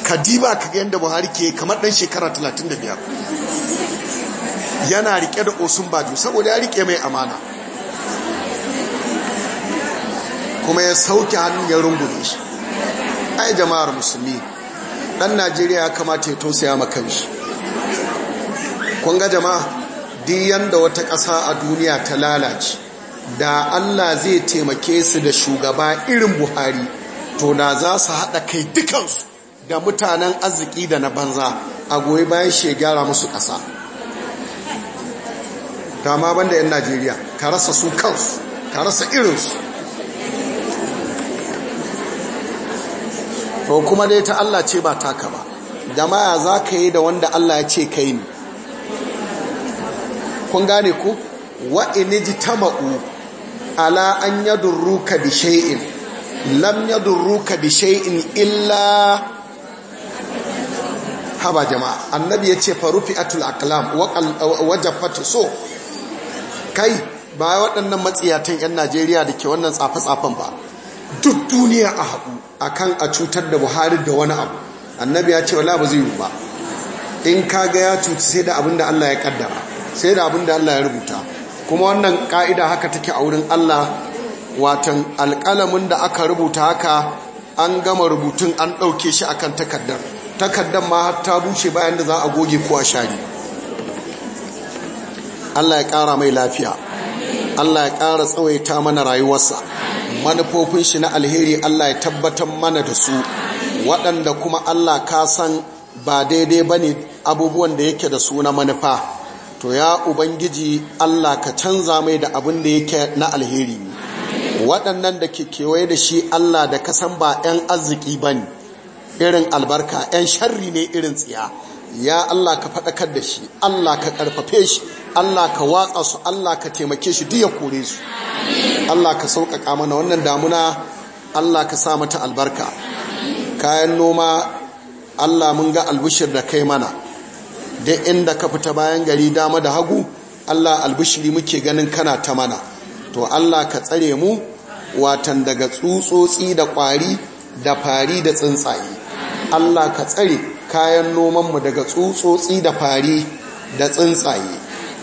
ka diba ka ga yadda buhari ke kamar ɗan shekara 35 yana rike da osun baju saboda ya rike mai amana kuma ya sauke hannu ya rungume shi ai jama'ar musulmi ɗan najeriya ya kamata ya tausaya makanshi kun ga jama'a diyan da wata ƙasa a duniya ta lalace da Allah zai taimake su da shugaba irin buhari to na za su haɗa kai dukansu da mutanen arziki da na banza a goyi bayan shi gyara musu ƙasa dama banda 'yan najeriya ka rasa su kansu ka rasa irinsu to kuma dai ta Allah ce ba taka ba jama'a za ka yi da wanda Allah ya ce kai ne kun gane ku wa inijtama'u ala an yadurruka bi shay'in lam yadurruka bi shay'in illa haba jama'a annabi yace farufi'atul aqlam wa jaffatu so kai ba waɗannan matsiyatan 'yan Najeriya da ke wannan tsafa-tsafan ba duk duniya a haɗu akan a cutar da Buhari da wani abu annabi ya ce wala ba zai yi ba in ka ga ya cuci sai da abinda Allah ya kaddara sai da abin da Allah ya rubuta kuma wannan ka'ida haka take a wurin Allah watan alƙalamin da aka rubuta haka an gama rubutun an ɗauke shi akan takardar takardar ma har ta bushe bayan da za a goge ko a shari Allah ya ƙara mai lafiya Allah ya ƙara tsawaita mana rayuwarsa manufofin shi na alheri Allah ya tabbatar mana da su waɗanda kuma Allah ka san ba daidai ba ne abubuwan da yake da su na manufa to ya ubangiji Allah ka canza mai da abin da yake na alheri waɗannan da ke kewaye da shi Allah da kasan ba 'yan arziki ba ne irin albarka 'yan sharri ne irin tsiya ya Allah ka faɗakar da shi Allah ka ƙarfafe shi Allah ka watsa su Allah ka taimake shi duk ya kore su Allah ka sauƙaƙa mana wannan damuna Allah ka sa mata albarka kayan noma Allah mun ga albushir da kai mana da inda ka fita bayan gari dama da hagu Allah albishiri muke ganin kana ta mana to Allah ka tsare mu watan daga tsutsotsi da kwari da fari da tsuntsaye Allah ka tsare kayan noman mu daga tsutsotsi da fari da tsuntsaye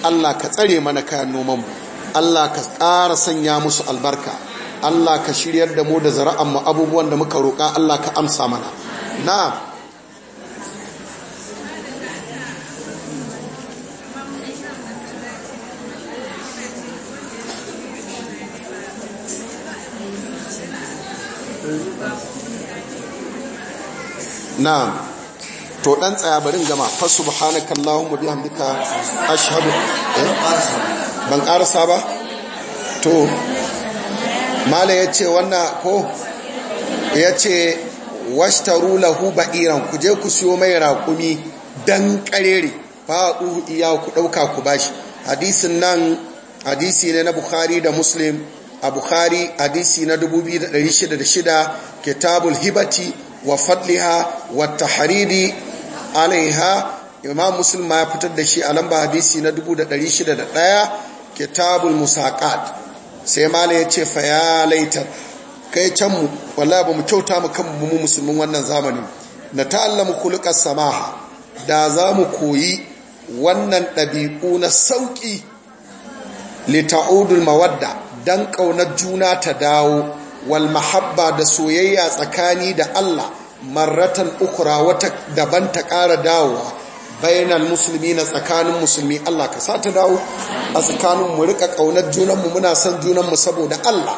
Allah ka tsare mana kayan noman mu. Allah ka ƙara sanya musu albarka Allah ka shiryar da mu da mu abubuwan da muka roƙa Allah ka amsa mana na'am na'am to dan tsaya barin gama fa subhanaka allahumma bihamdika ashhadu eh? ban karasa ba to mala yace wannan ko yace washtaru lahu ba'iran ku je ku siyo mai raƙumi dan karere fa'u iya ku dauka ku bashi hadisin nan hadisi ne na bukhari da muslim a bukhari hadisi na 2606 kitabul hibati wa fadliha wa taharidi alaiha imam muslim ma ya fitar da shi a lamba hadisi na 1601 kitabul musaqat sai mala ya ce fa ya laitar kai can mu wallahi ba mu kyauta mu kan mu musulmin wannan zamanin na ta'allamu khuluqas samaha da za mu koyi wannan ɗabi'u na sauƙi lita'udul mawadda dan ƙaunar juna ta dawo wal mahabba da soyayya tsakani da Allah marratan ukura wata daban ta ƙara dawowa bayanan musulmi na tsakanin musulmi Allah ka sa ta dawo a tsakanin mu rika ƙaunar junanmu muna son junanmu saboda Allah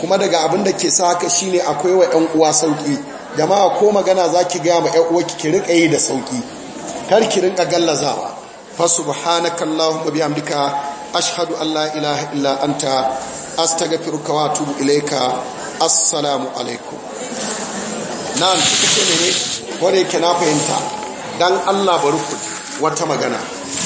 kuma daga abin da ke sa haka shine akwai wa 'yan uwa sauƙi jama'a ko magana za ki gaya ma ‘yan uwa ki rika yi da sauƙi kar ki rika gallazawa fa subhanaka allahumma bihamdika ashhadu an la ilaha illa anta astaghfiruka wa atubu ilayka assalamu alaikum na'am cikin ce ne wanda yake na fahimta dan Allah baruku wata magana